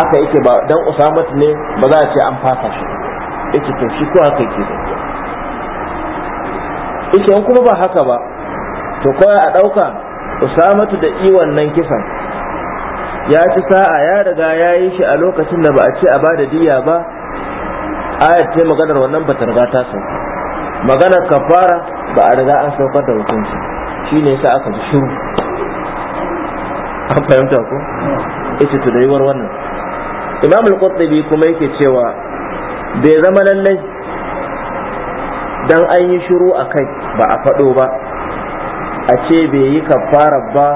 S1: haka yake ba dan usamat ne ba za a ce an fasa shi yake to shi ko haka yake yake kuma ba haka ba to kawai a dauka usamatu da iwan nan kisan ya ci sa'a ya riga ya yi shi a lokacin da ba a ce a ba da diya ba ayat ce maganar wannan ba ta riga ta san maganar kafara ba a riga an saukar da hukunci shine yasa aka ji shiru an fahimta ko ita to da yiwar wannan imam al qutbi kuma yake cewa bai zama lallai dan an yi shiru a kai ba a faɗo ba a ce bai yi kafara ba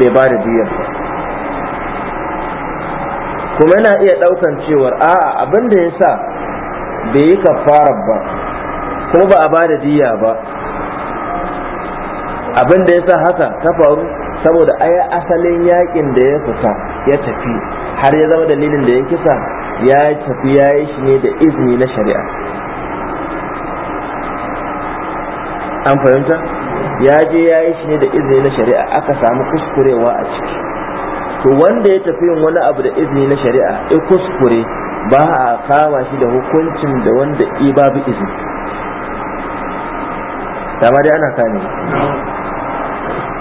S1: bai ba da diyar kuma yana iya ɗaukan cewar a'a abin da ya sa bai yi kafara ba kuma ba a ba da diya ba abin da ya sa haka ta faru saboda aya asalin yakin da ya fita ya tafi har ya zama dalilin da ya kisa ya tafi ya yi shi ne da izini na shari'a an fahimta ya je ya yi shi ne da izini na shari'a aka samu kuskurewa a ciki to wanda ya tafi yin wani abu da izini na shari'a ya kuskure ba a kama shi da hukuncin da wanda i babu izini da dai ana kame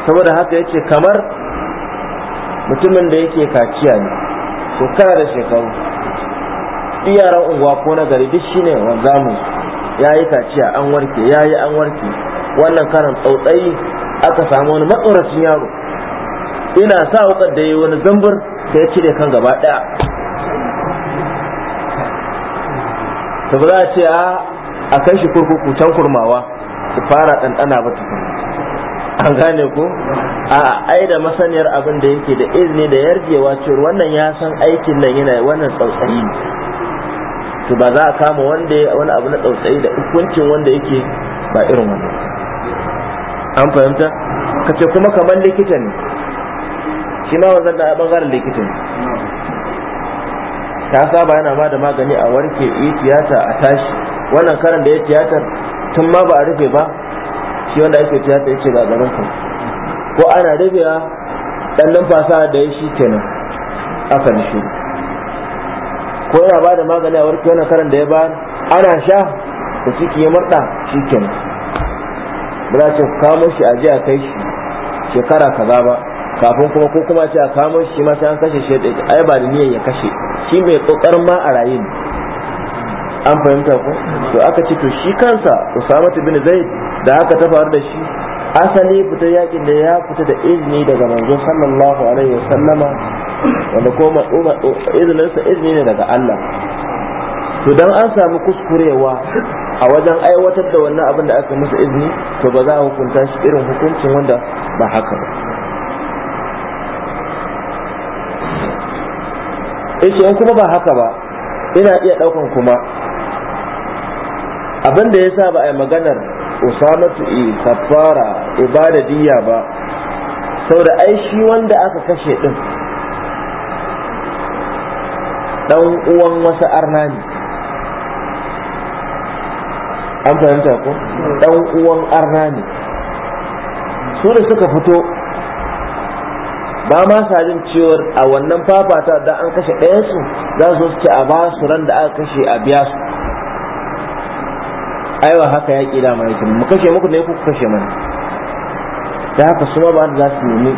S1: saboda haka yace kamar mutumin da yake kaciya ne ko kana da shekaru iyaran unguwa ko na gari duk shine wanzamu ya yi kaciya an warke ya yi an warke wannan karan tsautsayi aka samu wani matsoracin yaro ina sa wukar da yi wani zambur sai ya cire kan gaba daya to za a ce a kai shi kurkuku can kurmawa su fara ɗanɗana ba tukun an gane ko a ai da masaniyar abin da yake da izini da yarjewa ce, wannan ya san aikin nan yana wannan tsautsayi to ba za a kama wanda wani abu na tsautsayi da hukuncin wanda yake ba irin wannan an fahimta ka ce kuma kamar likita ne shi ma wanzan da bangaren likita ne ta saba yana ba da magani a warke yi tiyata a tashi wannan karan da ya tiyatar tun ma ba a rufe ba shi wanda ake tiyata ya ce ga garin ku ko ana rufewa dan numfasa da ya shi kenan aka nishi ko yana ba da magani a warke wannan karan da ya ba ana sha da ciki ya murɗa shi kenan ba za ce kamo shi a kai shi shekara kaza ba kafin kuma ko kuma ce a kamo shi ma sai an kashe shi ai ba da niyyar ya kashe shi mai kokarin ma a rayin. an fahimta ko to aka ce to shi kansa Usama bin Zaid da haka ta faru da shi asali fitar yakin da ya fita da izini daga manzo sallallahu alaihi wasallama wanda izinin sa izini ne daga Allah to dan an samu kuskurewa a wajen aiwatar da wannan abin da aka musu izini to ba za a hukunta shi irin hukuncin wanda ba haka ba yace in kuma ba haka ba ina iya daukan kuma abin da sa ba a yi maganar usamatu i kafara ibadadiyya ba saboda ai shi wanda aka kashe din dan uwan wasu arna ne an fahimta ko dan uwan arna ne su da suka fito ba ma sa jin cewar a wannan fafata da an kashe ɗaya su, za su ce a ba su ran da aka kashe a biya su aiwa haka ya ƙi dama yake mu kashe muku ne ku kashe mana da haka su ma ba za su nemi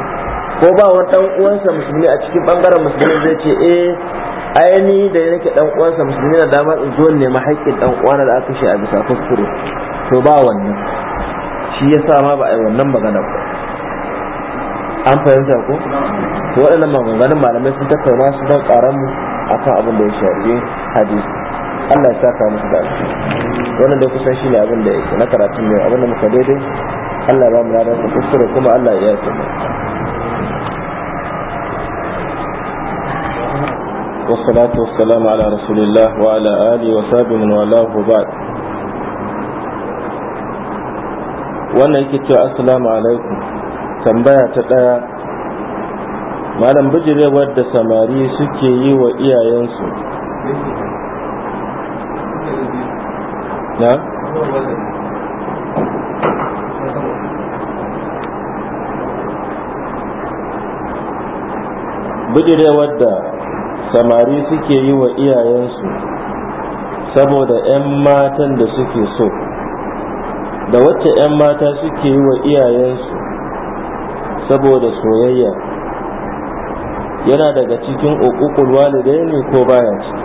S1: ko ba wani ɗan uwansa musulmi a cikin ɓangaren musulmi zai ce eh ayani da ya nake ɗan uwansa musulmi na dama in zo nemi haƙƙin ɗan uwana da aka kashe a bisa kuskure to ba wannan shi yasa ma ba a yi wannan magana ba an fahimta ko to waɗannan maganganun malamai sun tattauna su don tsaron mu akan abin da ya shafi hadisi Allah ya saka musu da wannan da kusan shi ne abin da yake na karatun yau abin da muka daidai Allah ba mu ladan ku kuskure kuma Allah ya yi mu والصلاة والسلام على رسول الله وعلى آله وصحبه من والاه وبعد وانا yake cewa assalamu tambaya ta ɗaya malam bijirewar da samari suke yi wa iyayensu na? bijirewar da samari suke yi wa iyayensu saboda 'yan matan da suke so da wacce 'yan mata suke yi wa iyayensu saboda soyayya yana daga cikin walidai ne ko baya ciki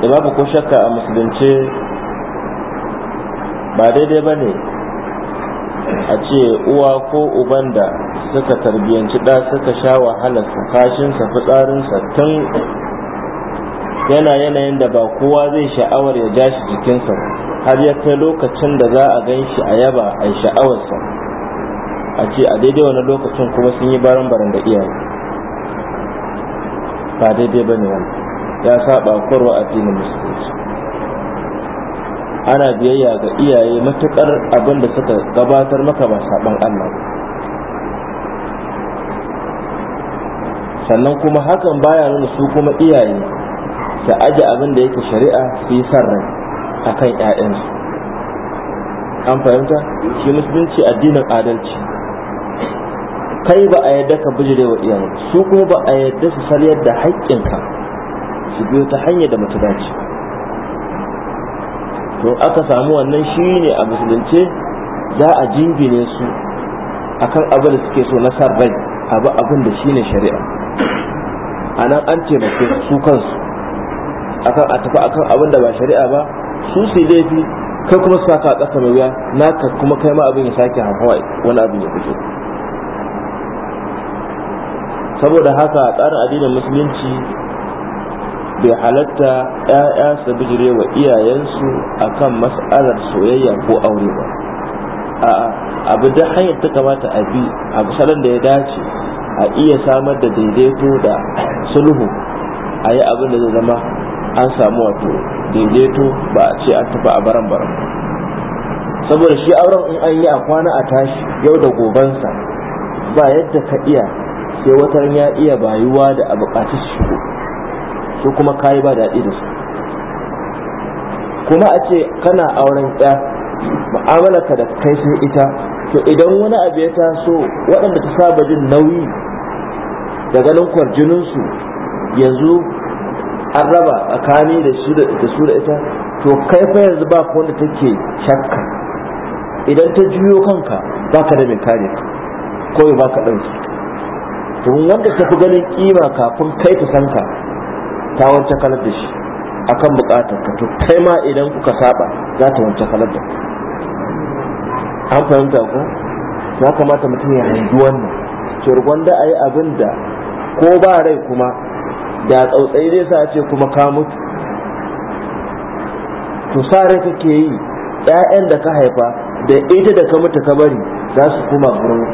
S1: da babu shakka a musulunce ba daidai ba ne a ce uwa ko uban da suka tarbiyanci ɗa suka sha wahalarsa kashinsa fitsarinsa tun yana yanayin da ba kowa zai sha'awar ya jashi shi jikinsa ba har ya kai lokacin da za a gan shi a yaba a sha'awarsa a ce a daidai wani lokacin kuma sun yi baran baran da iyaye ba daidai ba ne wani ya saba korwa addinin musulunci ana biyayya ga iyaye matukar abin da suka gabatar maka ba saban Allah sannan kuma hakan baya nuna su kuma iyaye ta aji abin da yake shari'a su yi san rai a kan ‘ya'yansu an fahimta shi musulunci addinin adalci kai ba a yadda ka bijire wa iyaye su kuma ba a yadda su salyar da haƙƙinka su biyo ta hanyar da mutu dace to aka samu wannan shi ne a musulunce za a jingine su akan abin da suke so na san rai abu abin da shine shari'a a nan an taimake su kansu akan a tafi akan abin da ba shari'a ba su su fi kai kuma suka ka ƙasa mai wuya naka kuma kai ma abin ya sake hawa wani abin ya fito saboda haka tsarin addinin musulunci bai halatta ‘ya'ya su bijire wa iyayensu akan mas'alar soyayya ko aure ba a abu da hanyar ta kamata a bi a salon da ya dace a iya samar da daidaito da sulhu a yi abin da zai zama an samu wato daidaito ba a ce an tafi a baran baran saboda shi auren in an yi a kwana a tashi yau da gobansa ba yadda ka iya sai wata ya iya bayuwa da a bukaci shigo su kuma kayi ba daɗi da su kuma a ce kana auren ya mu'amala ka da kai sun ita to idan wani abu ya taso waɗanda ta saba jin nauyi da ganin kwarjininsu yanzu an raba tsakani da su da su da ita to kai fa yanzu ba ku wanda take shakka idan ta juyo kanka ba ka da mai kare ka ko ba ka su. to wanda ta fi ganin kima kafin kai ta san ka ta wance kalar da shi akan bukatar ka to kai ma idan kuka saba za ta wance kalar da an fahimta ko ya kamata mutum ya hangi wannan to gwanda a yi abin da ko ba rai kuma da tsautsayi zai sa ce kuma ka mutu to sare kake yi ƴaƴan da ka haifa da ita da ka mutu ka bari za su kuma gurin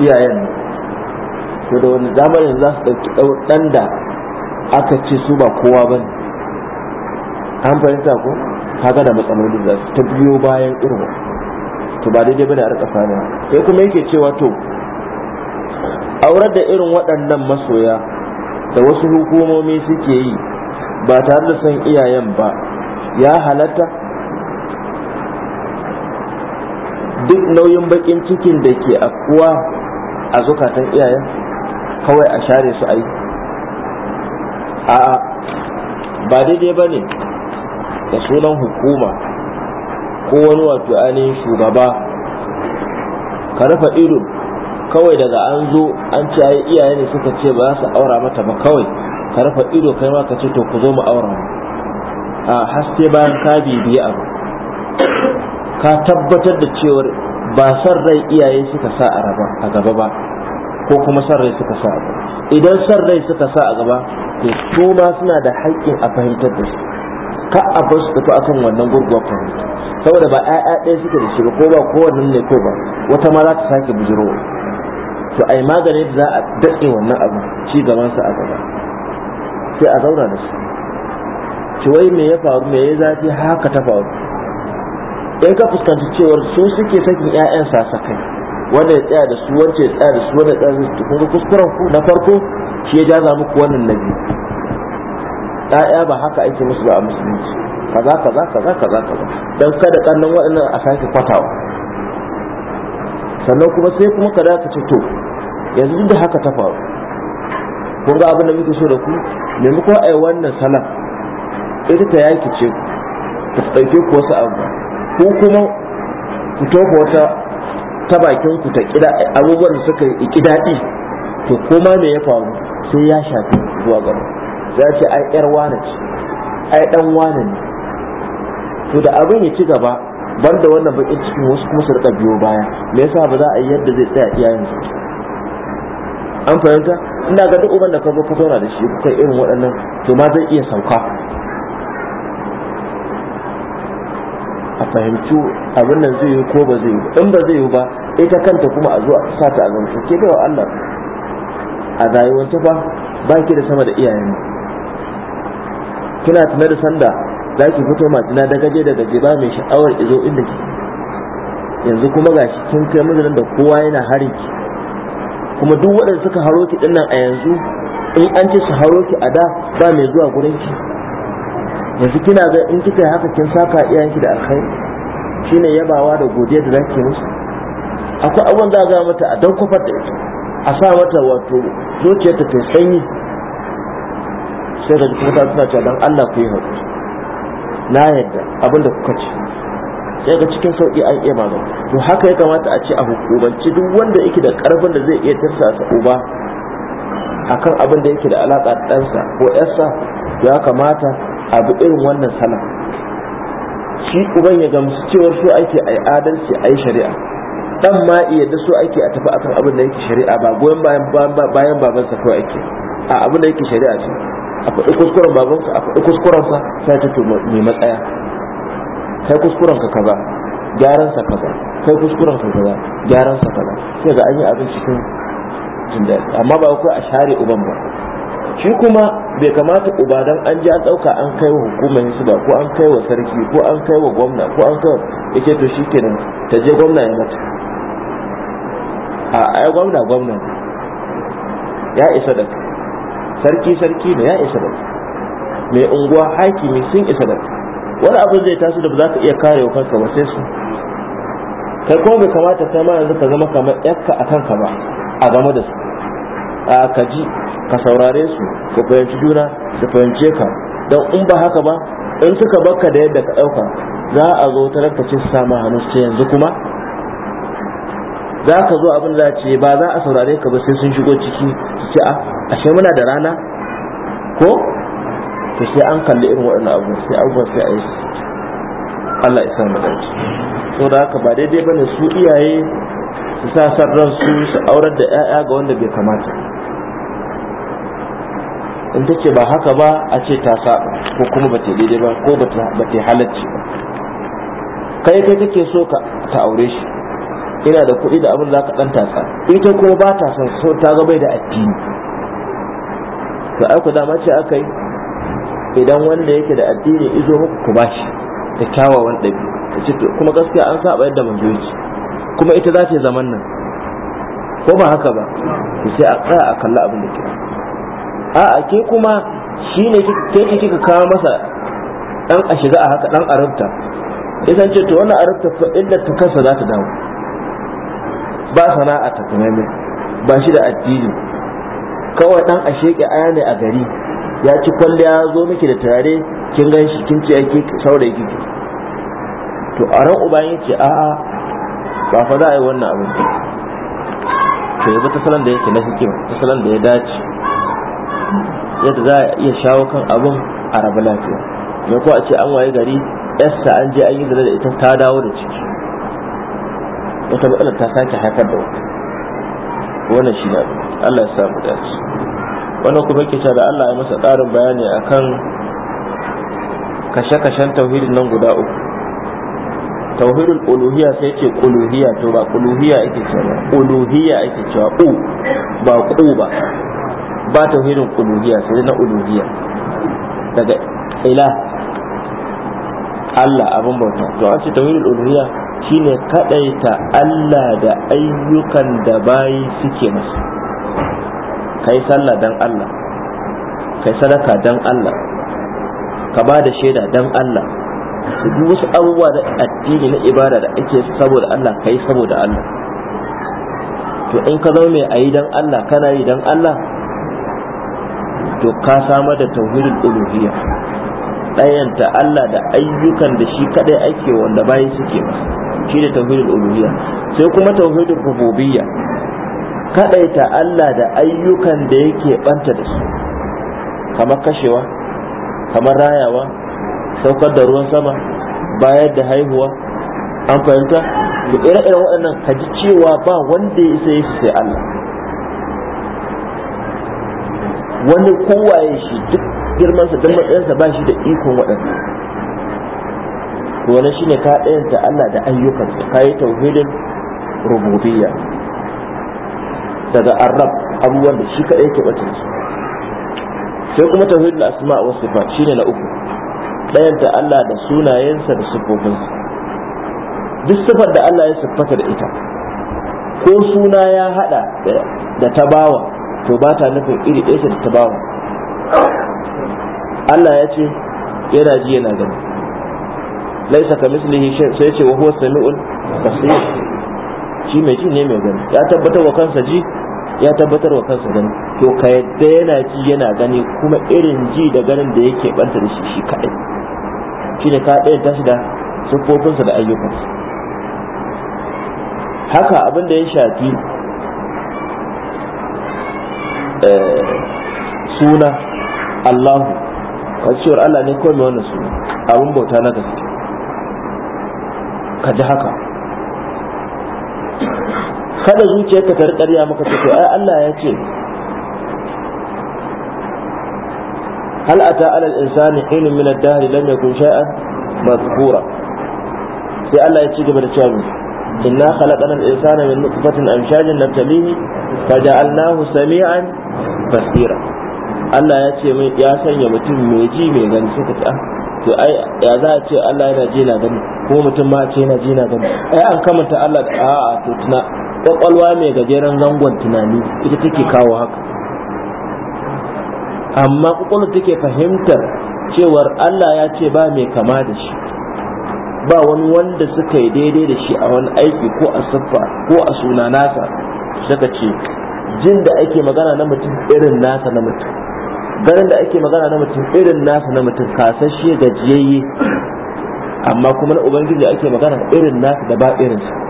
S1: iyayen to da wani zamanin za su ɗauki ɗan da aka ce su ba kowa ba ne an fahimta ko kaga da matsalolin za su ta biyo bayan irin to ba daidai ba da arka samu sai kuma yake cewa to aurar da irin waɗannan masoya da wasu hukumomi suke yi ba tare da son iyayen ba ya halatta duk nauyin bakin cikin da ke akuwa a zukatan iyayen kawai a share su ai a ba daidai ba ne da sunan hukuma ko wani wato ainihin shugaba ka rufe ido kawai daga an zo an ce ai iyaye ne suka ce ba za su aura mata ba kawai ka rufe ido kai ma ka ce to ku zo mu aura mu a haske bayan ka bibiyi abu ka tabbatar da cewar ba san rai iyaye suka sa a raba a gaba ba ko kuma san rai suka sa a gaba idan san rai suka sa a gaba to su ma suna da haƙƙin a fahimtar da su ka a bar su tafi akan wannan gurguwar fahimta saboda ba 'ya'ya ɗaya suke da shi ko ba kowanne ne ko ba wata ma za ta sake bujiro to ai magani da za a daɗe wannan abu ci gaban sa a gaba sai a zauna da su ci wai me ya faru me ya zafi haka ta faru in ka fuskanci cewar su suke sakin 'ya'yan sasakai wanda ya tsaya da su wanda ya tsaya da su wanda ya tsaya da su kun kuskuren ku na farko shi ya jaza muku wannan na biyu ƴaƴa ba haka ake musu ba a musulunci kaza kaza kaza kaza kaza dan kada kannan waɗannan a sake kwatawa sannan kuma sai kuma ka dace ce to yanzu inda haka ta faru kun ga abin da muke so da ku maimakon ai wannan salaf ita ta yaki ce ku ta ɗauke ku wasu abu ko kuma ku tofa wata ta bakin ku ta kida abubuwan da suka yi kidaɗi to koma me ya faru sai ya shafi zuwa gaba za ce ai yar wane ce ai dan wane ne to da abin ya ci gaba banda wannan bakin cikin wasu kuma su rika biyo baya me yasa ba za a yi yadda zai tsaya iyayen su an fahimta ina ga duk uban da ka zo ka zauna da shi kai irin waɗannan to ma zai iya sauka a fahimci abin nan zai yi ko ba zai yi in ba zai yi ba ita kanta kuma a zo a sa ta a gamsu ke gaiwa Allah a rayuwanta fa ba ki da sama da iyayen kina tunar da sanda za ki fito matina da gaje da gaje ba mai sha'awar izo inda ki yanzu kuma gashi kin kai mazanin da kowa yana harin ki kuma duk waɗanda suka haro ki dinnan a yanzu in an ce su haro ki a da ba mai zuwa gurin ki yanzu kina ga in kika yi haka kin saka ki da alkhairi shine yabawa da godiya da zaki musu akwai abin za a gaya mata a dan kofar da ita a sa mata wato zuciyarta ta sanyi sai ga kuma ta suna cewa dan Allah ku yi haƙuri na yadda abin da kuka ce daga cikin sauki an iya magana to haka ya kamata a ce a hukumance duk wanda yake da karfin da zai iya tattasa uba akan abin da yake da alaka ɗansa ko ƴarsa ya kamata a bi irin wannan salon shi uban ya gamsu cewar su ake a adalci a yi shari'a dan ma iya da su ake a tafi akan abin da yake shari'a ba goyon bayan babansa kawai ake a abin da yake shari'a ce a faɗi kuskuren babansa a faɗi kuskurensa sai ta to mai matsaya kai kuskuren ka kaza gyaran sa kaza kai kuskuren ka kaza gyaran sa kaza sai ga an yi abin cikin jin amma ba ku a share uban ba shi kuma bai kamata uba dan an ji an ɗauka an kai wa hukumar ba ko an kai wa sarki ko an kai wa gwamna ko an kai yake to shi kenan ta je gwamna ya mata a ai gwamna gwamna ya isa da sarki sarki ne ya isa da mai unguwa hakimi sun isa da wani abu zai taso da ba za ka iya kare wa kanka ba sai su kai kuma bai kamata kai ma yanzu ka zama kamar yakka a kanka ba a game da su a ka ji ka saurare su ka fahimci juna su fahimce ka don in ba haka ba in suka baka da yadda ka ɗauka za a zo ta ranka ce su samu hannu su yanzu kuma za ka zo abin da ce ba za a saurare ka ba sai sun shigo ciki su ce a ah, ashe muna da rana ko to sai an kalli irin waɗannan abu sai abubuwan sai a yi Allah ya san dace da haka ba daidai bane su iyaye su sa san ran su aurar da 'ya'ya ga wanda bai kamata in take ba haka ba a ce ta sa ko kuma ba ta daidai ba ko ba ta halacci ba kai kai kake so ka ta aure shi ina da kuɗi da abin za ka ɗan tasa ita kuma ba ta son so ta ga bai da addini to ai ku dama ce aka yi idan wanda yake da addini izo muku ku bashi da kyawawan ɗabi kuma gaskiya an saba yadda ban joji kuma ita za ta yi zaman nan ko ba haka ba sai a tsaya a kalla abin da ke a a ke kuma shi ne ke kika kawo masa dan a shiga a haka dan arabta Idan san ce to wannan arabta fa inda ta kansa za ta dawo ba sana'a ta kuma ba shi da addini kawai dan a sheke aya ne a gari ya ci kwalle ya zo miki da tare kin gan shi kin ce yake saurayi kike to a ran uba ce a'a ba fa za a yi wannan abin to ya ta salon da yake na hikima ta salon da ya dace yadda za a iya shawo kan abin a rabu lafiya me ko a ce an waye gari yasta an je an yi zina da ita ta dawo da ciki wata matsalar ta sake haifar da wata wannan shi ne Allah ya samu dace wani kuma ke da Allah ya masa ƙarin bayani akan kashe-kashen tauhidin nan guda uku tauhidul uluhiyya sai ce uluhiyya to ba uluhiyya ake cewa uluhiyya ake cewa u ba ku ba ba tauhidin uluhiyya sai na uluhiyya daga ila Allah abin bauta to an ce tauhidul uluhiyya shine kadaita Allah da ayyukan da bayi suke masa kai sallah dan Allah kai sadaka dan Allah ka ba da shaida dan Allah duk wasu abubuwa da addini na ibada da ake saboda Allah kai saboda Allah to in ka zama mai ayi dan Allah kana yi dan Allah to ka samar da tauhidul uluhiyya ɗayanta Allah da ayyukan da shi kadai ake wanda bayan suke ba shi da tauhidul uluhiyya sai kuma tauhidul rububiyya kadaita Allah da ayyukan da yake banta da su kamar kashewa kamar rayawa saukar da ruwan sama bayar da haihuwa an fahimta da ire-iren waɗannan kaji cewa ba wanda ya isa yake sai Allah wani kowaye shi duk girmansa duk matsayinsa ba shi da ikon waɗanda to wani shine ka ɗayanta Allah da ayyukansa ka yi tauhidin rububiyya daga arab abubuwan da shi kaɗai ke bacin su sai kuma tauhidul asma wa sifat shine na uku ɗayan ta Allah da sunayensa da sifofinsa duk sifar da Allah ya siffata da ita ko suna ya hada da tabawa to ba ta nufin iri ɗaya ce da tabawa Allah ya ce yana ji yana gani laisa ka mislihi shay sai ce wa huwa samiul basir shi mai ji ne mai gani ya tabbatar wa kansa ji ya tabbatar wa kansa gani to ka yadda yana ji yana gani kuma irin ji da ganin da yake banta da shi shi kaɗai shi ne ka ɗaya tashi da siffofinsa da ayyukansa haka abin da ya shafi eh, suna Allahu cewar Allah ne kome wannan suna abin bauta na gaske ka ji haka kada zuciyarka ta riƙa maka ta to ai Allah ya ce hal ata alal insani hinun min ad-dahr lam yakun shay'an madhkura sai Allah ya ci gaba da cewa inna khalaqana al-insana min nutfatin amshajin nabtalihi faja'alnahu sami'an basira Allah ya ce min ya sanya mutum mai ji mai gani suka ta ah, to ai ya za a ce Allah yana ji na gani ko mutum ma ce yana ji na gani ai an kamanta Allah a'a to tuna kwakwalwa mai gajeren zangon tunani ita take kawo haka amma kwakwalwa take fahimtar cewar Allah ya ce ba mai kama da shi ba wani wanda suka yi daidai da shi a wani aiki ko a siffa ko a suna nasa suka ce jin da ake magana na mutum irin nasa na mutum garin da ake magana na mutum irin nasa na mutum kasashe gajiyayye amma kuma na ubangiji ake magana irin nasa da ba irinsa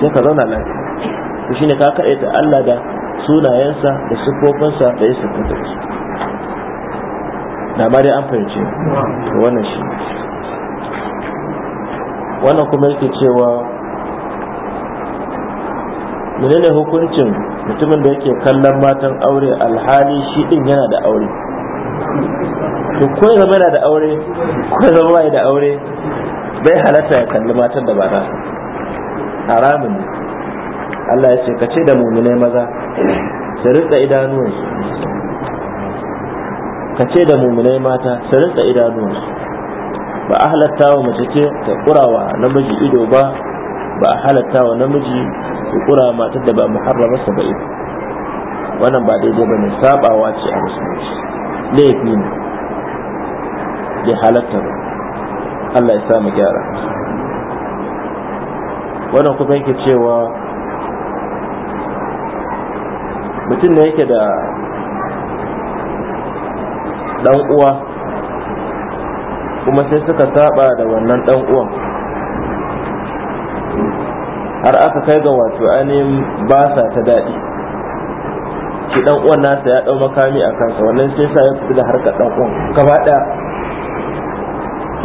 S1: sai ka zauna lafiya to shine ka ta Allah da sunayensa da sufofinsa da ya siffata da su na ma dai an fahimce wannan shi wannan kuma yake cewa menene hukuncin mutumin da yake kallon matan aure alhali shi din yana da aure to ko zama yana da aure ko zama bai da aure bai halatta ya kalli matan da ba nasa haramun ne Allah ya ce ka ce da muminai maza su rinka idanuwansu ka ce da muminai mata su rinka idanuwansu ba a halatta wa mace ce ta kurawa namiji ido ba ba a halatta wa namiji ya kura matar da ba muharrama sa ba ido wannan ba daidai ba ne sabawa ce a musulunci laifi ne ya halatta ba Allah ya sa mu gyara wannan kuma yake cewa mutum da yake da dan uwa kuma sai suka saba da wannan dan uwan har aka kai ga wato ainihin ba sa ta daɗi shi dan uwan nasa ya dau makami a kansa wannan sai sa ya fita da harkar dan uwan gaba ɗaya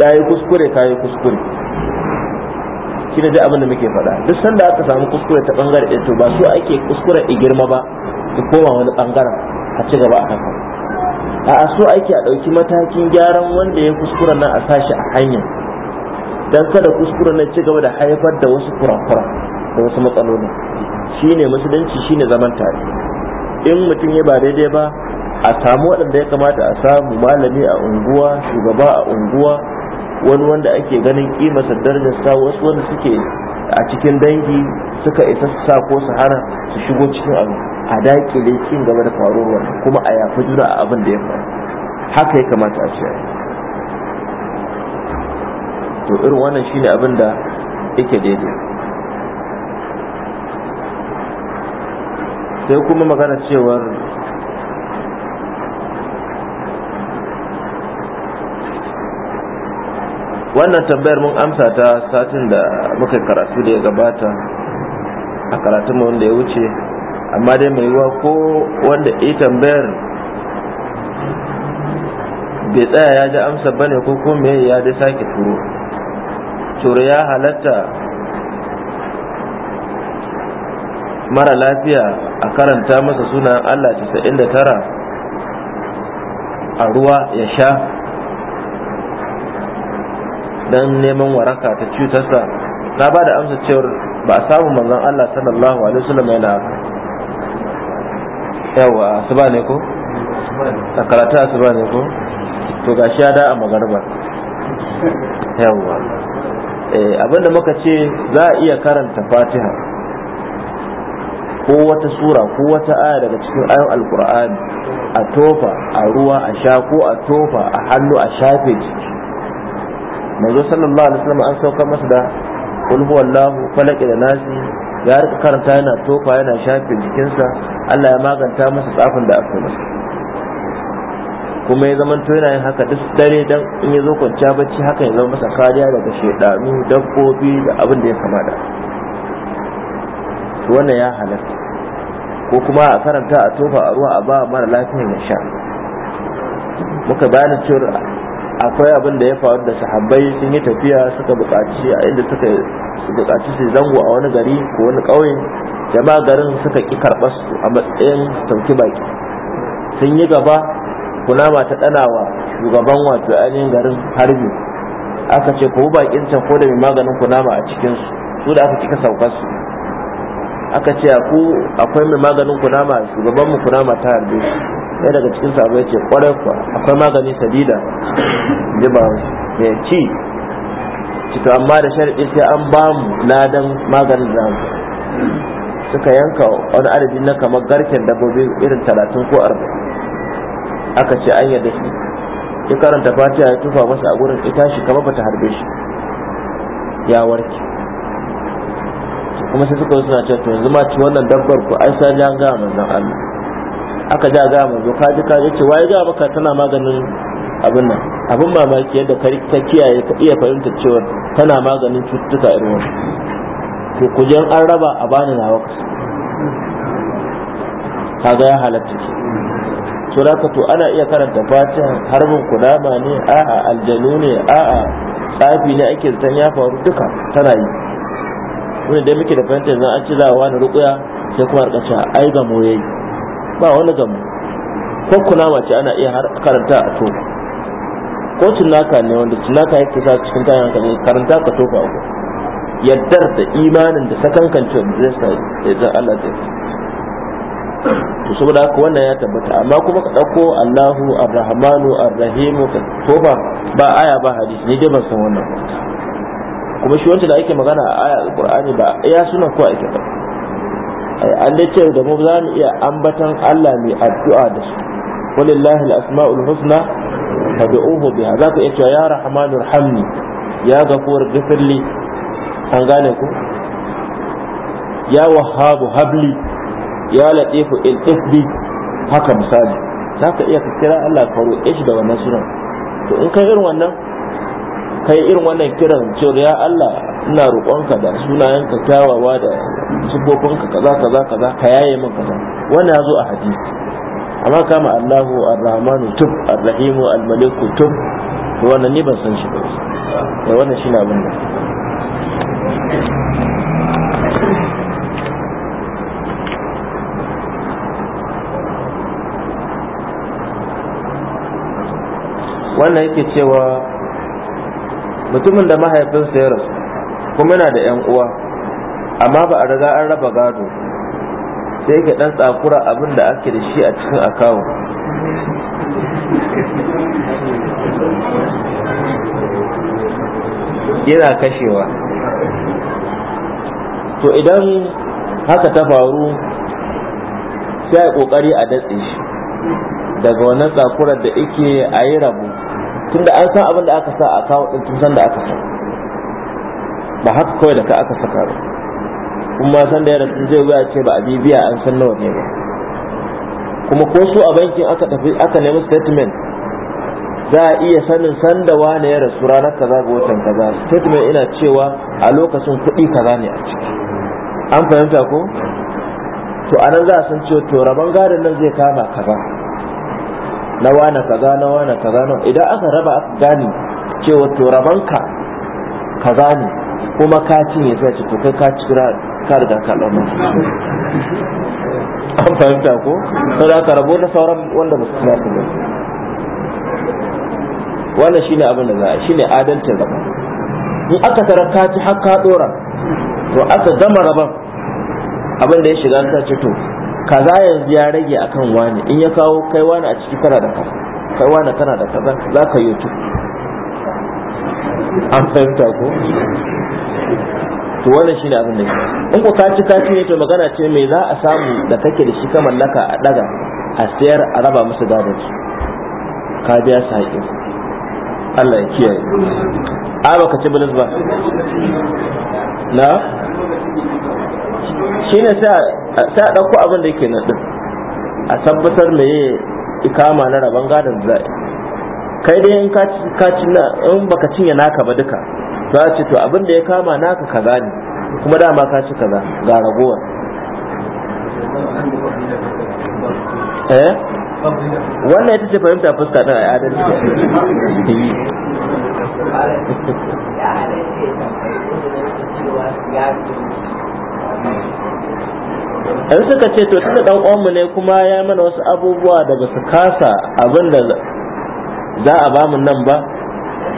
S1: ta yi kuskure ta yi kuskure shi ne duk abin da muke faɗa duk sanda aka samu kuskure ta bangare ɗaya to ba su ake kuskure da girma ba ki koma wani bangaren a ci gaba a haka a so ake a ɗauki matakin gyaran wanda ya kuskure nan a sashi a hanya dan kada kuskure na ci gaba da haifar da wasu kurakura da wasu matsaloli shine musulunci shine zaman tare in mutum ya ba daidai ba a samu waɗanda ya kamata a samu malami a unguwa shugaba a unguwa wani wanda ake ganin kimarsa darajarsa wasu wanda suke a cikin dangi suka isa su sa ko su hana su shigo cikin abu a da kin gaba da faruwar kuma a yafi juna a abin da ya faru haka ya kamata a ce to irin wannan shine abin da yake daidai sai kuma magana cewar wannan tambayar mun amsa ta satin da muka karatu da ya gabata a karatun mu wanda ya wuce amma dai mai yiwuwa ko wanda ya tambayar bai tsaya ya ji amsa ba ne, ko kuma ya dai sake turo turo ya halatta mara lafiya a karanta masa sunan Allah 99 a ruwa ya sha dan neman waraka ta cutarsa na ba da amsa cewar ba a samu manzon Allah sallallahu alaihi wasallam yana yawa asuba ne ko a karata asuba ne ko to gashi ya da a magarba yawa eh, abinda muka ce za a iya karanta fatiha ko wata sura ko wata aya daga cikin ayon alkur'ani a tofa a ruwa a sha ko a tofa a hannu a shafe jiki manzo sallallahu alaihi wasallam an sauka masa da kul huwallahu falaki da nasi ya rika karanta yana tofa yana shafe jikinsa Allah ya maganta masa tsafin da aka masa kuma ya zama to yana yin haka duk dare dan in ya zo kwanciya bacci haka ya zama masa kariya daga shedanu dabbobi da abin da ya kamata to wannan ya halatta ko kuma a karanta a tofa a ruwa a ba mara lafiyan ya sha muka bayanin cewa akwai abin da ya faru da sahabbai sun yi tafiya suka buƙaci a inda suka buƙaci su zango a wani gari ko wani ƙauye jama'a garin suka ƙi karɓar su a matsayin sauki baki sun yi gaba kunama ta ɗanawa shugaban wato ainihin garin harbi aka ce ko bakin can ko da mai maganin kunama a cikin su su da aka kika saukar su aka ce ku akwai mai maganin kunama shugaban mu kunama ta harbe ɗaya daga cikin sabo ya ce kwarai kuwa akwai magani sadida ji ba ya ci cito amma da sharaɗi sai an ba mu ladan maganin da suka yanka wani adadi na kamar garken dabbobi irin talatin ko arba'in aka ce an yadda shi ya karanta fatiya ya tufa masa a gurin ita shi kamar bata harbe shi ya warke kuma sai suka suna cewa to yanzu ma ci wannan dabbar ku ai sai an ga manzon Allah aka ja ga mu ka ji ka ce waye ga baka tana maganin abin nan abin mamaki yadda ka kiyaye ka iya fahimtar cewa tana maganin cututtuka irin wannan to kujen an raba a bani nawa kaga ya halatta ke ka to ana iya karanta fatiha harbin ba ne a'a aljanu ne a'a tsafi ne ake zaton ya faru duka tana yi wani da muke da fahimta zan an ci za a wani rukuya sai kuma rikaci ai ga moyayi ba wani gamu ko kunama ce ana iya karanta a to ko tunaka ne wanda tunaka yake sa cikin kayan kan karanta ka tofa ko yaddar da imanin da sakankance da zai sa ya zan Allah yi. to saboda haka wannan ya tabbata amma kuma ka ɗauko Allahu Arrahmanu Arrahim ar ka tofa ba aya ba hadisi ne dai ban san wannan kuma shi wancan da ake magana a aya Qur'ani ba ya suna ko ake ba an da ce da mu za mu iya ambatan Allah mai addu'a da su walillahi al-asma'ul husna fad'uhu biha za ka iya cewa ya rahmanu rahamni ya ghafur ghafirli an gane ku ya Wahabu habli ya latifu iltifbi haka misali za ka iya kira Allah ka roƙe shi da wannan sunan to in kai irin wannan kai irin wannan kiran cewar ya Allah ina roƙonka da sunayenka kyawawa da sifofinka kaza kaza kaza ka yaye min kaza wannan ya zo a hadisi amma kama Allahu ar-Rahmanu tub ar-Rahimu al-Maliku tub to wannan ni ban san shi ba da wannan shine abin nan wannan yake cewa mutumin da mahaifinsa ya rasu kuma yana da yan uwa amma ba a riga an raba gado sai ka dan tsakura abin da ake da shi a cikin akawun yana kashewa to idan haka ta faru sai a kokari a datse shi daga wannan tsakurar da ike a yi rabu tunda an san abin da aka sa a kawo ɗin tun san da aka sa ba haka kawai da ka aka saka ba kuma san da ya rasu zai wuya ce ba a bibiya an san nawa ne ba kuma ko su a bankin aka tafi aka nemi statement za a iya sanin sanda wane ya rasu ranar kaza ga watan kaza statement ina cewa a lokacin kuɗi kaza ne a ciki an fahimta ko to anan za a san cewa to rabon gadon nan zai kama kaza na wane kaza na wane kaza na idan aka raba aka gani cewa to rabanka kaza ne kuma ka cinye sai ci to kai ka cira ka riga ka lamu an fahimta ko sai da aka rabo da sauran wanda ba su kira su ba wannan shine abin da za a shine adalcin raba in aka tara ka ci har ka dora to aka gama raban abin da ya shiga ka ce to kaza yanzu ya rage akan wani in ya kawo kai wani a ciki kana da ka kai wani kana da kaza za ka yi an fahimta ko to wannan shine abin da in ko ka ci ka ci ne to magana ce me za a samu da kake da shi ka mallaka a daga a sayar a raba musu gadon su ka biya su haƙi. Allah ya kiyaye a baka ci bilis ba na shine sai a ɗauko abin da yake nan a tabbatar meye ikama na rabon gadon da kai dai in ka na in baka cinye naka ba duka za a ce to abin da ya kama naka kaza ne kuma dama ka ci kaza ga ragowar
S2: eh wannan
S1: ita ce fahimta fuska ɗin a adalci
S2: ya in suka
S1: ce to tunda dan uwanmu ne kuma ya mana wasu abubuwa da ba su kasa abin da za a bamu nan ba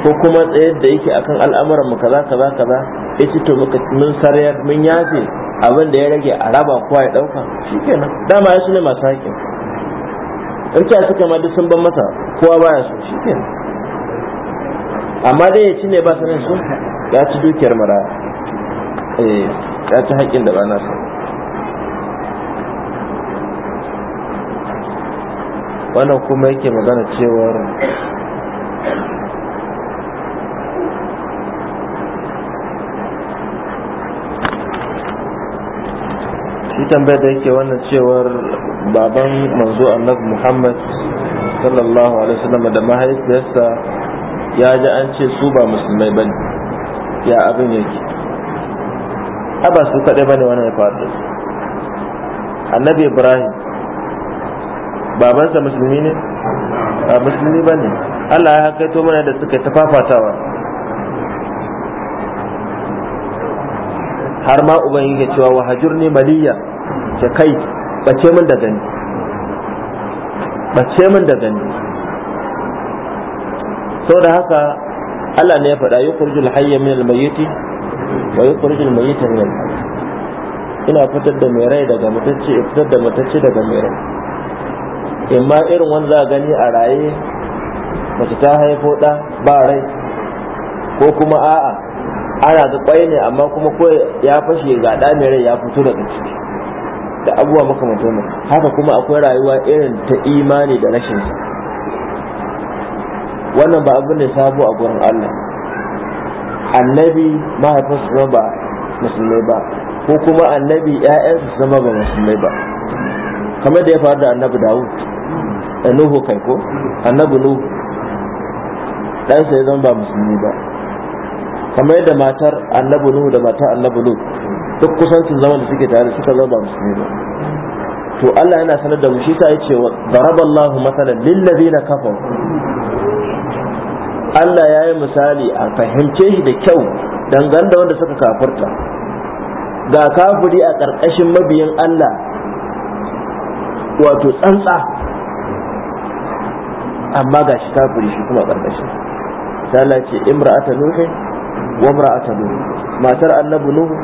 S1: ko kuma tsayar da yake akan al'amuran mu kaza kaza kaza ya ce to muka mun sarayar mun yafe abin da ya rage a raba kowa ya dauka shikenan dama ya su ne masu haƙƙi in a suka ma duk sun ban masa kowa baya so shikenan amma dai ya ci ne ba sanin su ya ci dukiyar mara eh, ya ci haƙƙin da ba na so wannan kuma yake magana cewar shi tambayar da yake wannan cewar baban manzo annabi muhammad sallallahu alaihi wasallam da mahaifiyarsa ya ji an ce su ba musulmai ba ne ya abin yake a ba su kaɗai ba ne wannan ya faru annabi ibrahim babansa musulmi ne ba musulmi ba ne allah ya to mana da suka ta fafatawa har ma uban yake cewa wa hajur ne maliya ce kai bace min da gani bace min da gani da haka Allah ne ya faɗa yi kurjul hayya min almayyiti wa yi kurjul mayyita min ina fitar da mai rai daga matacce fitar da mutacce daga mai rai in ma irin wani za gani a raye mace ta haifo ɗa ba rai ko kuma a'a ana da kwai ne amma kuma ko ya fashe ga ɗa mai rai ya fito daga ciki da abubuwa makamantar haka kuma akwai rayuwa irin ta imani da rashin wannan ba abin da sabo a gurin Allah annabi mahaifinsa zama ba musulmai ba ko kuma annabi 'ya'yansu zama ba musulmai ba kamar da ya faru da annabi dawud Eh, nuhu kai ko annabi nuhu ɗansa ya zama ba musulmi ba kamar yadda matar annabi nuhu da matar annabi nuhu duk kusancin zaman da suke tare suka zama ba musulmi ba to Allah yana sanar da mu shi sa yace wa daraballahu masalan lil ladina kafaru Allah ya yi misali a fahimce shi da kyau dangane da wanda suka kafurta ga kafuri a ƙarƙashin mabiyin Allah wato tsantsa amma ga shi kafiri shi kuma karkashin ta ce imra'ata nuhi wa imra'ata nuhi matar annabi nuhu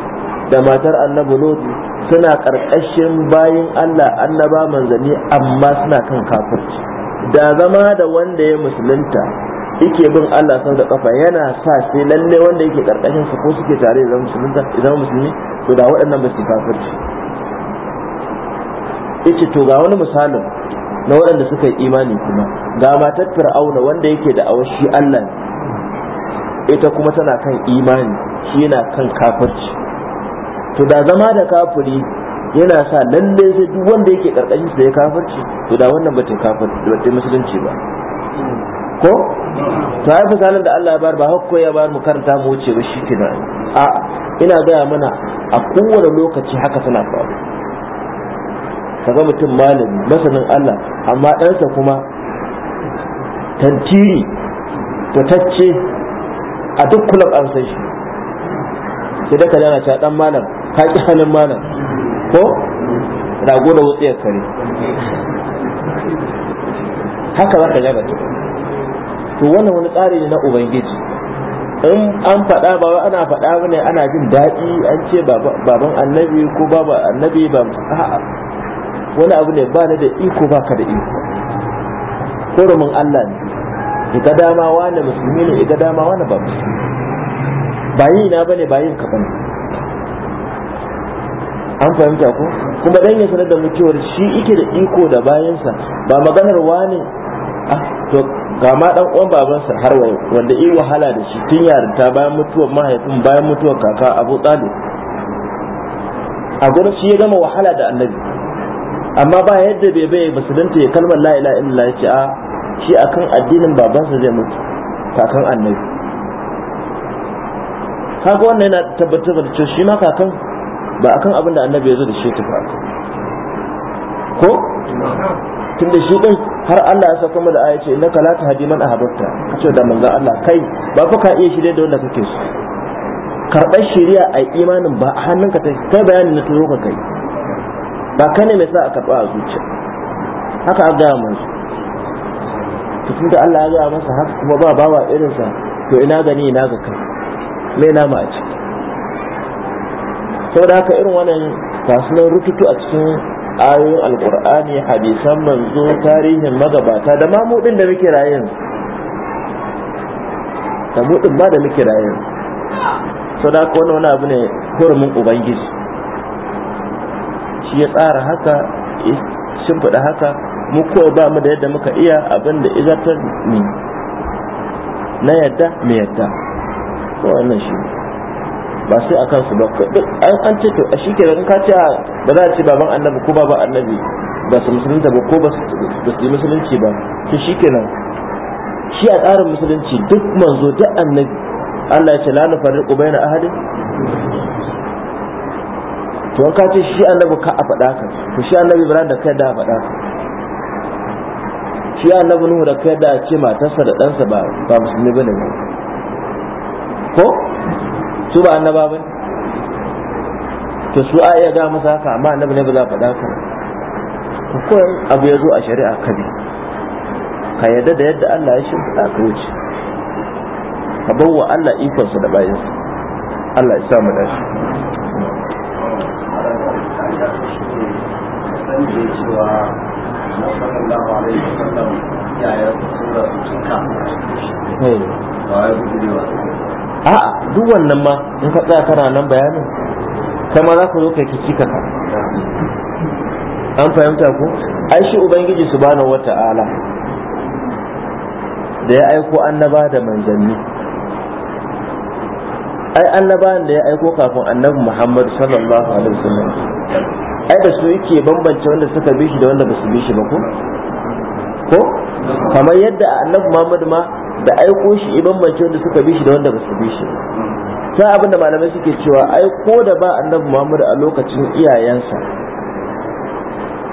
S1: da matar annabi lutu suna karkashin bayin Allah annaba manzanni amma suna kan kafirci da zama da wanda ya musulunta yake bin Allah sau da kafa yana sa sai lalle wanda yake karkashin su ko suke tare da musulunta idan musulmi to da waɗannan ba su kafirci yace to ga wani misalin na waɗanda suka yi imani kuma ga matar fir'auna wanda yake da shi Allah ita kuma tana kan imani shi yana kan kafirci to da zama da kafiri yana sa lalle sai duk wanda yake karkashin sa ya kafirci to da wannan bata kafirci bata musulunci ba ko to ai misalin da Allah ya bar ba hakko ya bar mu karanta mu wuce ba shi kenan a'a ina gaya mana a kowane lokaci haka tana faruwa kaga mutum malami masanin Allah amma ɗansa kuma tantiri tacce a duk kulab an san shi sai da kaza na ta dan malam ka ki halin malam ko rago da wutsiyar kare haka za ka gaba to wannan wani tsari ne na ubangiji in an faɗa ba ana faɗa bane ana jin daɗi an ce baban annabi ko baba annabi ba wani abu ne ba ni da iko ba ka da iko hurumin Allah ne iga dama wani musulmi ne iga dama wani ba musulmi ba yi na bane ba yin ka bane an fahimta ko kuma dan ya sanar da mu cewar shi ike da iko da bayansa ba maganar wani ah, to ga ma dan uwan babansa har wayo wanda yi wahala da shi tun yarinta bayan mutuwar mahaifin bayan mutuwar kaka Abu tsali a gurin shi ya gama wahala da Annabi amma ba yadda bai bai musulunta ya kalmar la ilaha illallah ya ah, a shi akan addinin babansa zai mutu kakan annabi kaga wannan yana tabbatar da cewa shi ma kakan ba akan abin da annabi ya zo da shi tafi ko tunda shi din har Allah ya saka mu da aya ce innaka la a man a kace da manzo Allah kai ba fa ka iya shirye da wanda kake so karɓar shari'a a imanin ba a hannunka ta kai bayanin na turo ka kai ba kane ne mai sa a karɓa a zuciya haka a gaya masu to da Allah ya gaya masa haka kuma ba bawa irinsa to ina gani ina ga kai me na ma a ciki da haka irin wannan kasunan rututu a cikin ayoyin alkur'ani hadisan manzo tarihin magabata da mamudin da muke rayin da mudin ma da muke rayin da haka wannan wani abu ne hurumin ubangiji shi ya tsara haka ya shimfiɗa haka mu kawai ba mu da yadda muka iya abin da izartar ne na yadda mai yadda ko wannan shi ba sai a kansu ba an an ce to a shi ke ka ce ah, ba za a ce baban annabi ko baban annabi ba su musulunta ba ko ba su yi musulunci ba to shi kenan shi a tsarin musulunci duk manzo duk annabi Allah ya ce la nufarriqu baina ahadin to ka ce shi annabi ka a faɗa ka to shi annabi ibrahim da kai da a faɗa ka shi annabi nuhu da kai da ce matarsa da ɗansa ba ba musulmi bane ba ko su ba annaba bane to su a iya ga musu haka amma annabi ne ba za a faɗa ka ko abu ya zo a shari'a ka ne ka yarda da yadda Allah ya shimfiɗa ka wuce ka bawa Allah ikonsa da bayansa Allah ya sa mu shi.
S2: wanda ya cewa na ya yi su hmm. ba ya
S1: a duk wannan ma in ka tsaya kana nan bayanin kai ma za ku zo kai ki kaka. ka an fahimta ko ai shi ubangiji subhanahu wata'ala da ya aiko annaba da manzanni ai annaba da ya aiko kafin annabi Muhammad sallallahu alaihi wasallam ai da su yake bambance wanda suka bi shi da wanda ba su bi shi ba ko ko kamar yadda annabi Muhammad ma da aiko shi i bambance wanda suka bi shi da wanda ba su bi shi ta abinda malamai suke cewa ai ko da ba annabi Muhammad a lokacin iyayensa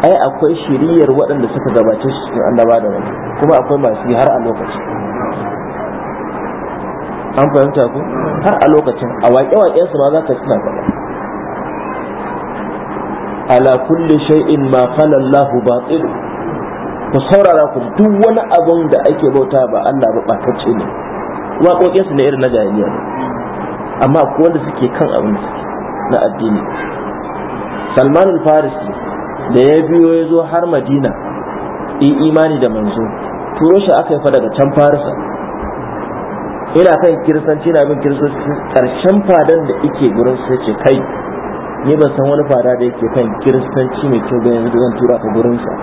S1: ai akwai shiriyar waɗanda suka gabace su cikin annaba da wani kuma akwai masu yi har a lokacin an fahimta ku har a lokacin a waƙe-waƙensu ma za ka suna faɗa ala kulli shay'in ma qala Allah batil ku saurara ku duk wani abun da ake bauta ba Allah ba batacce ne waƙoƙin su ne irin na jahiliya amma ko wanda suke kan abin na addini Salman al-Farisi da ya biyo ya zo har Madina yi imani da manzo turo shi aka yi fa can Farisa ina kan kirsanci na bin kirsanci, karshen fadan da ke gurin sai ce kai ni ban san wani fada da yake kan kiristanci mai kyau ba yanzu zan tura ka gurin sa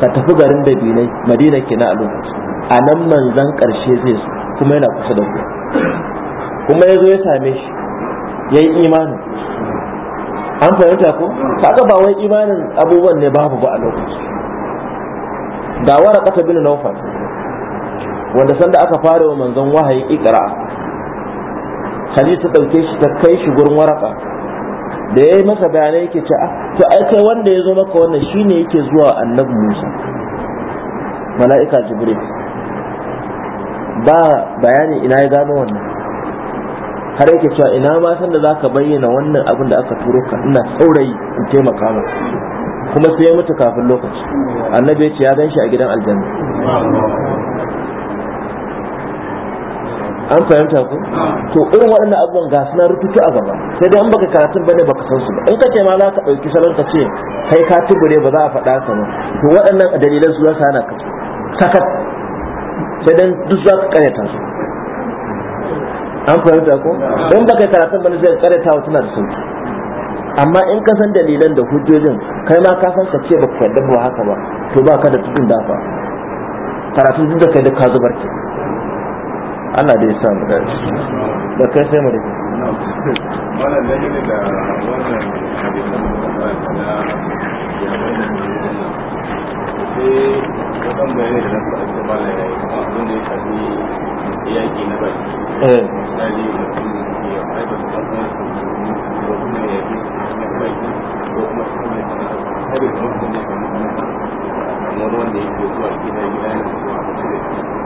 S1: ka tafi garin da dinai madina ke na alu a nan manzan karshe zai kuma yana kusa da ku kuma ya zo ya same shi ya yi imanin an fahimta ko kaga ba wai imanin abubuwan ne babu ba a lokaci ga wara kasa bin naufal wanda sanda aka fara wa manzon wahayi ikra hadisi ta dauke shi ta kai shi gurin waraka da ya yi masa bayanai yake ce ah, to ai kai wanda ya zo maka wannan shine yake zuwa annabi Musa mala'ika Jibril ba bayani ina ya gano wannan har yake cewa ina ma san da zaka bayyana wannan abin da aka turo ka ina saurayi in taimaka maka kuma sai ya mutu kafin lokaci annabi ya ce ya gan shi a gidan aljanna an fahimta ku to irin waɗannan abubuwan ga suna rubutu a gaba sai dai an baka karatun bane baka san su ba in ce ma za ka ɗauki salon ka ce kai ka tubure ba za a faɗa ka ba to waɗannan dalilan su za su hana ka sakat sai dan duk za ka karyata su an fahimta ko in baka karatun bane sai ka karyata wa suna da sauki amma in ka san dalilan da hujjojin kai ma ka san ka ce ku yarda ba haka ba to ba ka da tudun dafa karatun duk da kai da ka zubar ke Allah da ya sa mu dace da kai sai mu dace
S2: wannan da yake da wannan da na yaki na eh ya da yake zuwa gida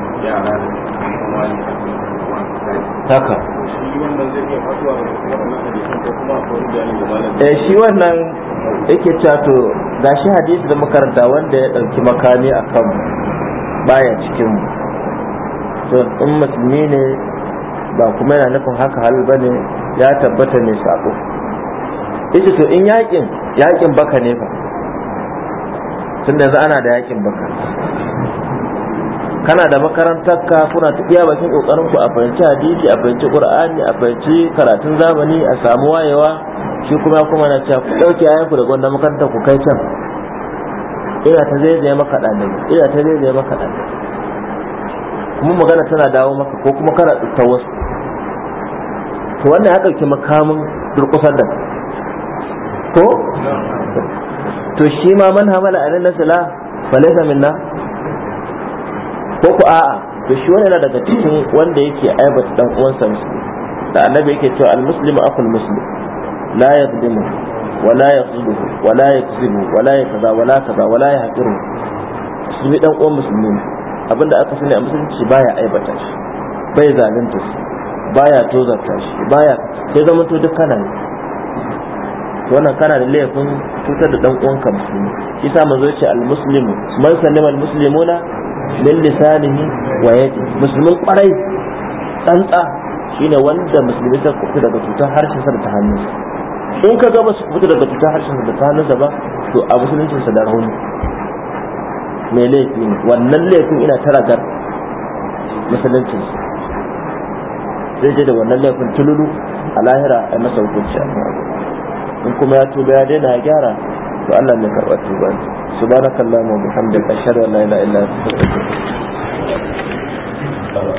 S2: haka eh shi
S1: wannan yake cato ga shi hadisi da makaranta wanda ya ɗauki makami a kan baya cikin to in musulmi ne ba kuma yana nufin haka hal ba ne ya tabbata ne sako ita to in yakin yakin baka ne fa tun da ana da yakin baka kana da makarantar ka kuna tafiya bakin kokarin ku a fahimci hadisi a fahimci qur'ani a fahimci karatun zamani a samu wayewa shi kuma kuma na cewa ku dauke ku da gwamnati makarantar ku kai can ina ta zai zai maka ɗalibi ina ta zai zai maka ɗalibi kuma magana tana dawo maka ko kuma kana ta wasu to wannan ya dauki makamin durƙusar da ko to shi ma man hamala a nan nasila falaisa minna ko ku a'a to shi wani yana daga cikin wanda yake aibata dan uwansa sa da annabi yake cewa al-muslimu akul muslim la yadhlimu wa la yaqulu wa la yakzibu wa la yakaza wa la kaza wa la yahqiru shi dan uwan musulmi abinda aka sani a musulunci baya aibata shi bai zalunta shi baya tozarta shi baya sai zama to duk kana ne wannan kana da laifin cutar da dan uwanka musulmi shi sa manzo yace al-muslimu man sallama al-muslimuna min lisanihi wa yadi musulmin kwarai tsantsa shine wanda musulmi ta kuta daga cutar harshen sa da ta hannun in ka ga su kuta daga cutar harshen sa da ta hannun sa ba to a musuluncin sa da rauni mai laifi ne wannan laifin ina ta ragar musuluncin sa zai je da wannan laifin tululu a lahira a masa hukunci in kuma ya tuba ya daina ya gyara to Allah mai karɓa tuba su wa bihamdika ashhadu an la ilaha illa anta astaghfiruka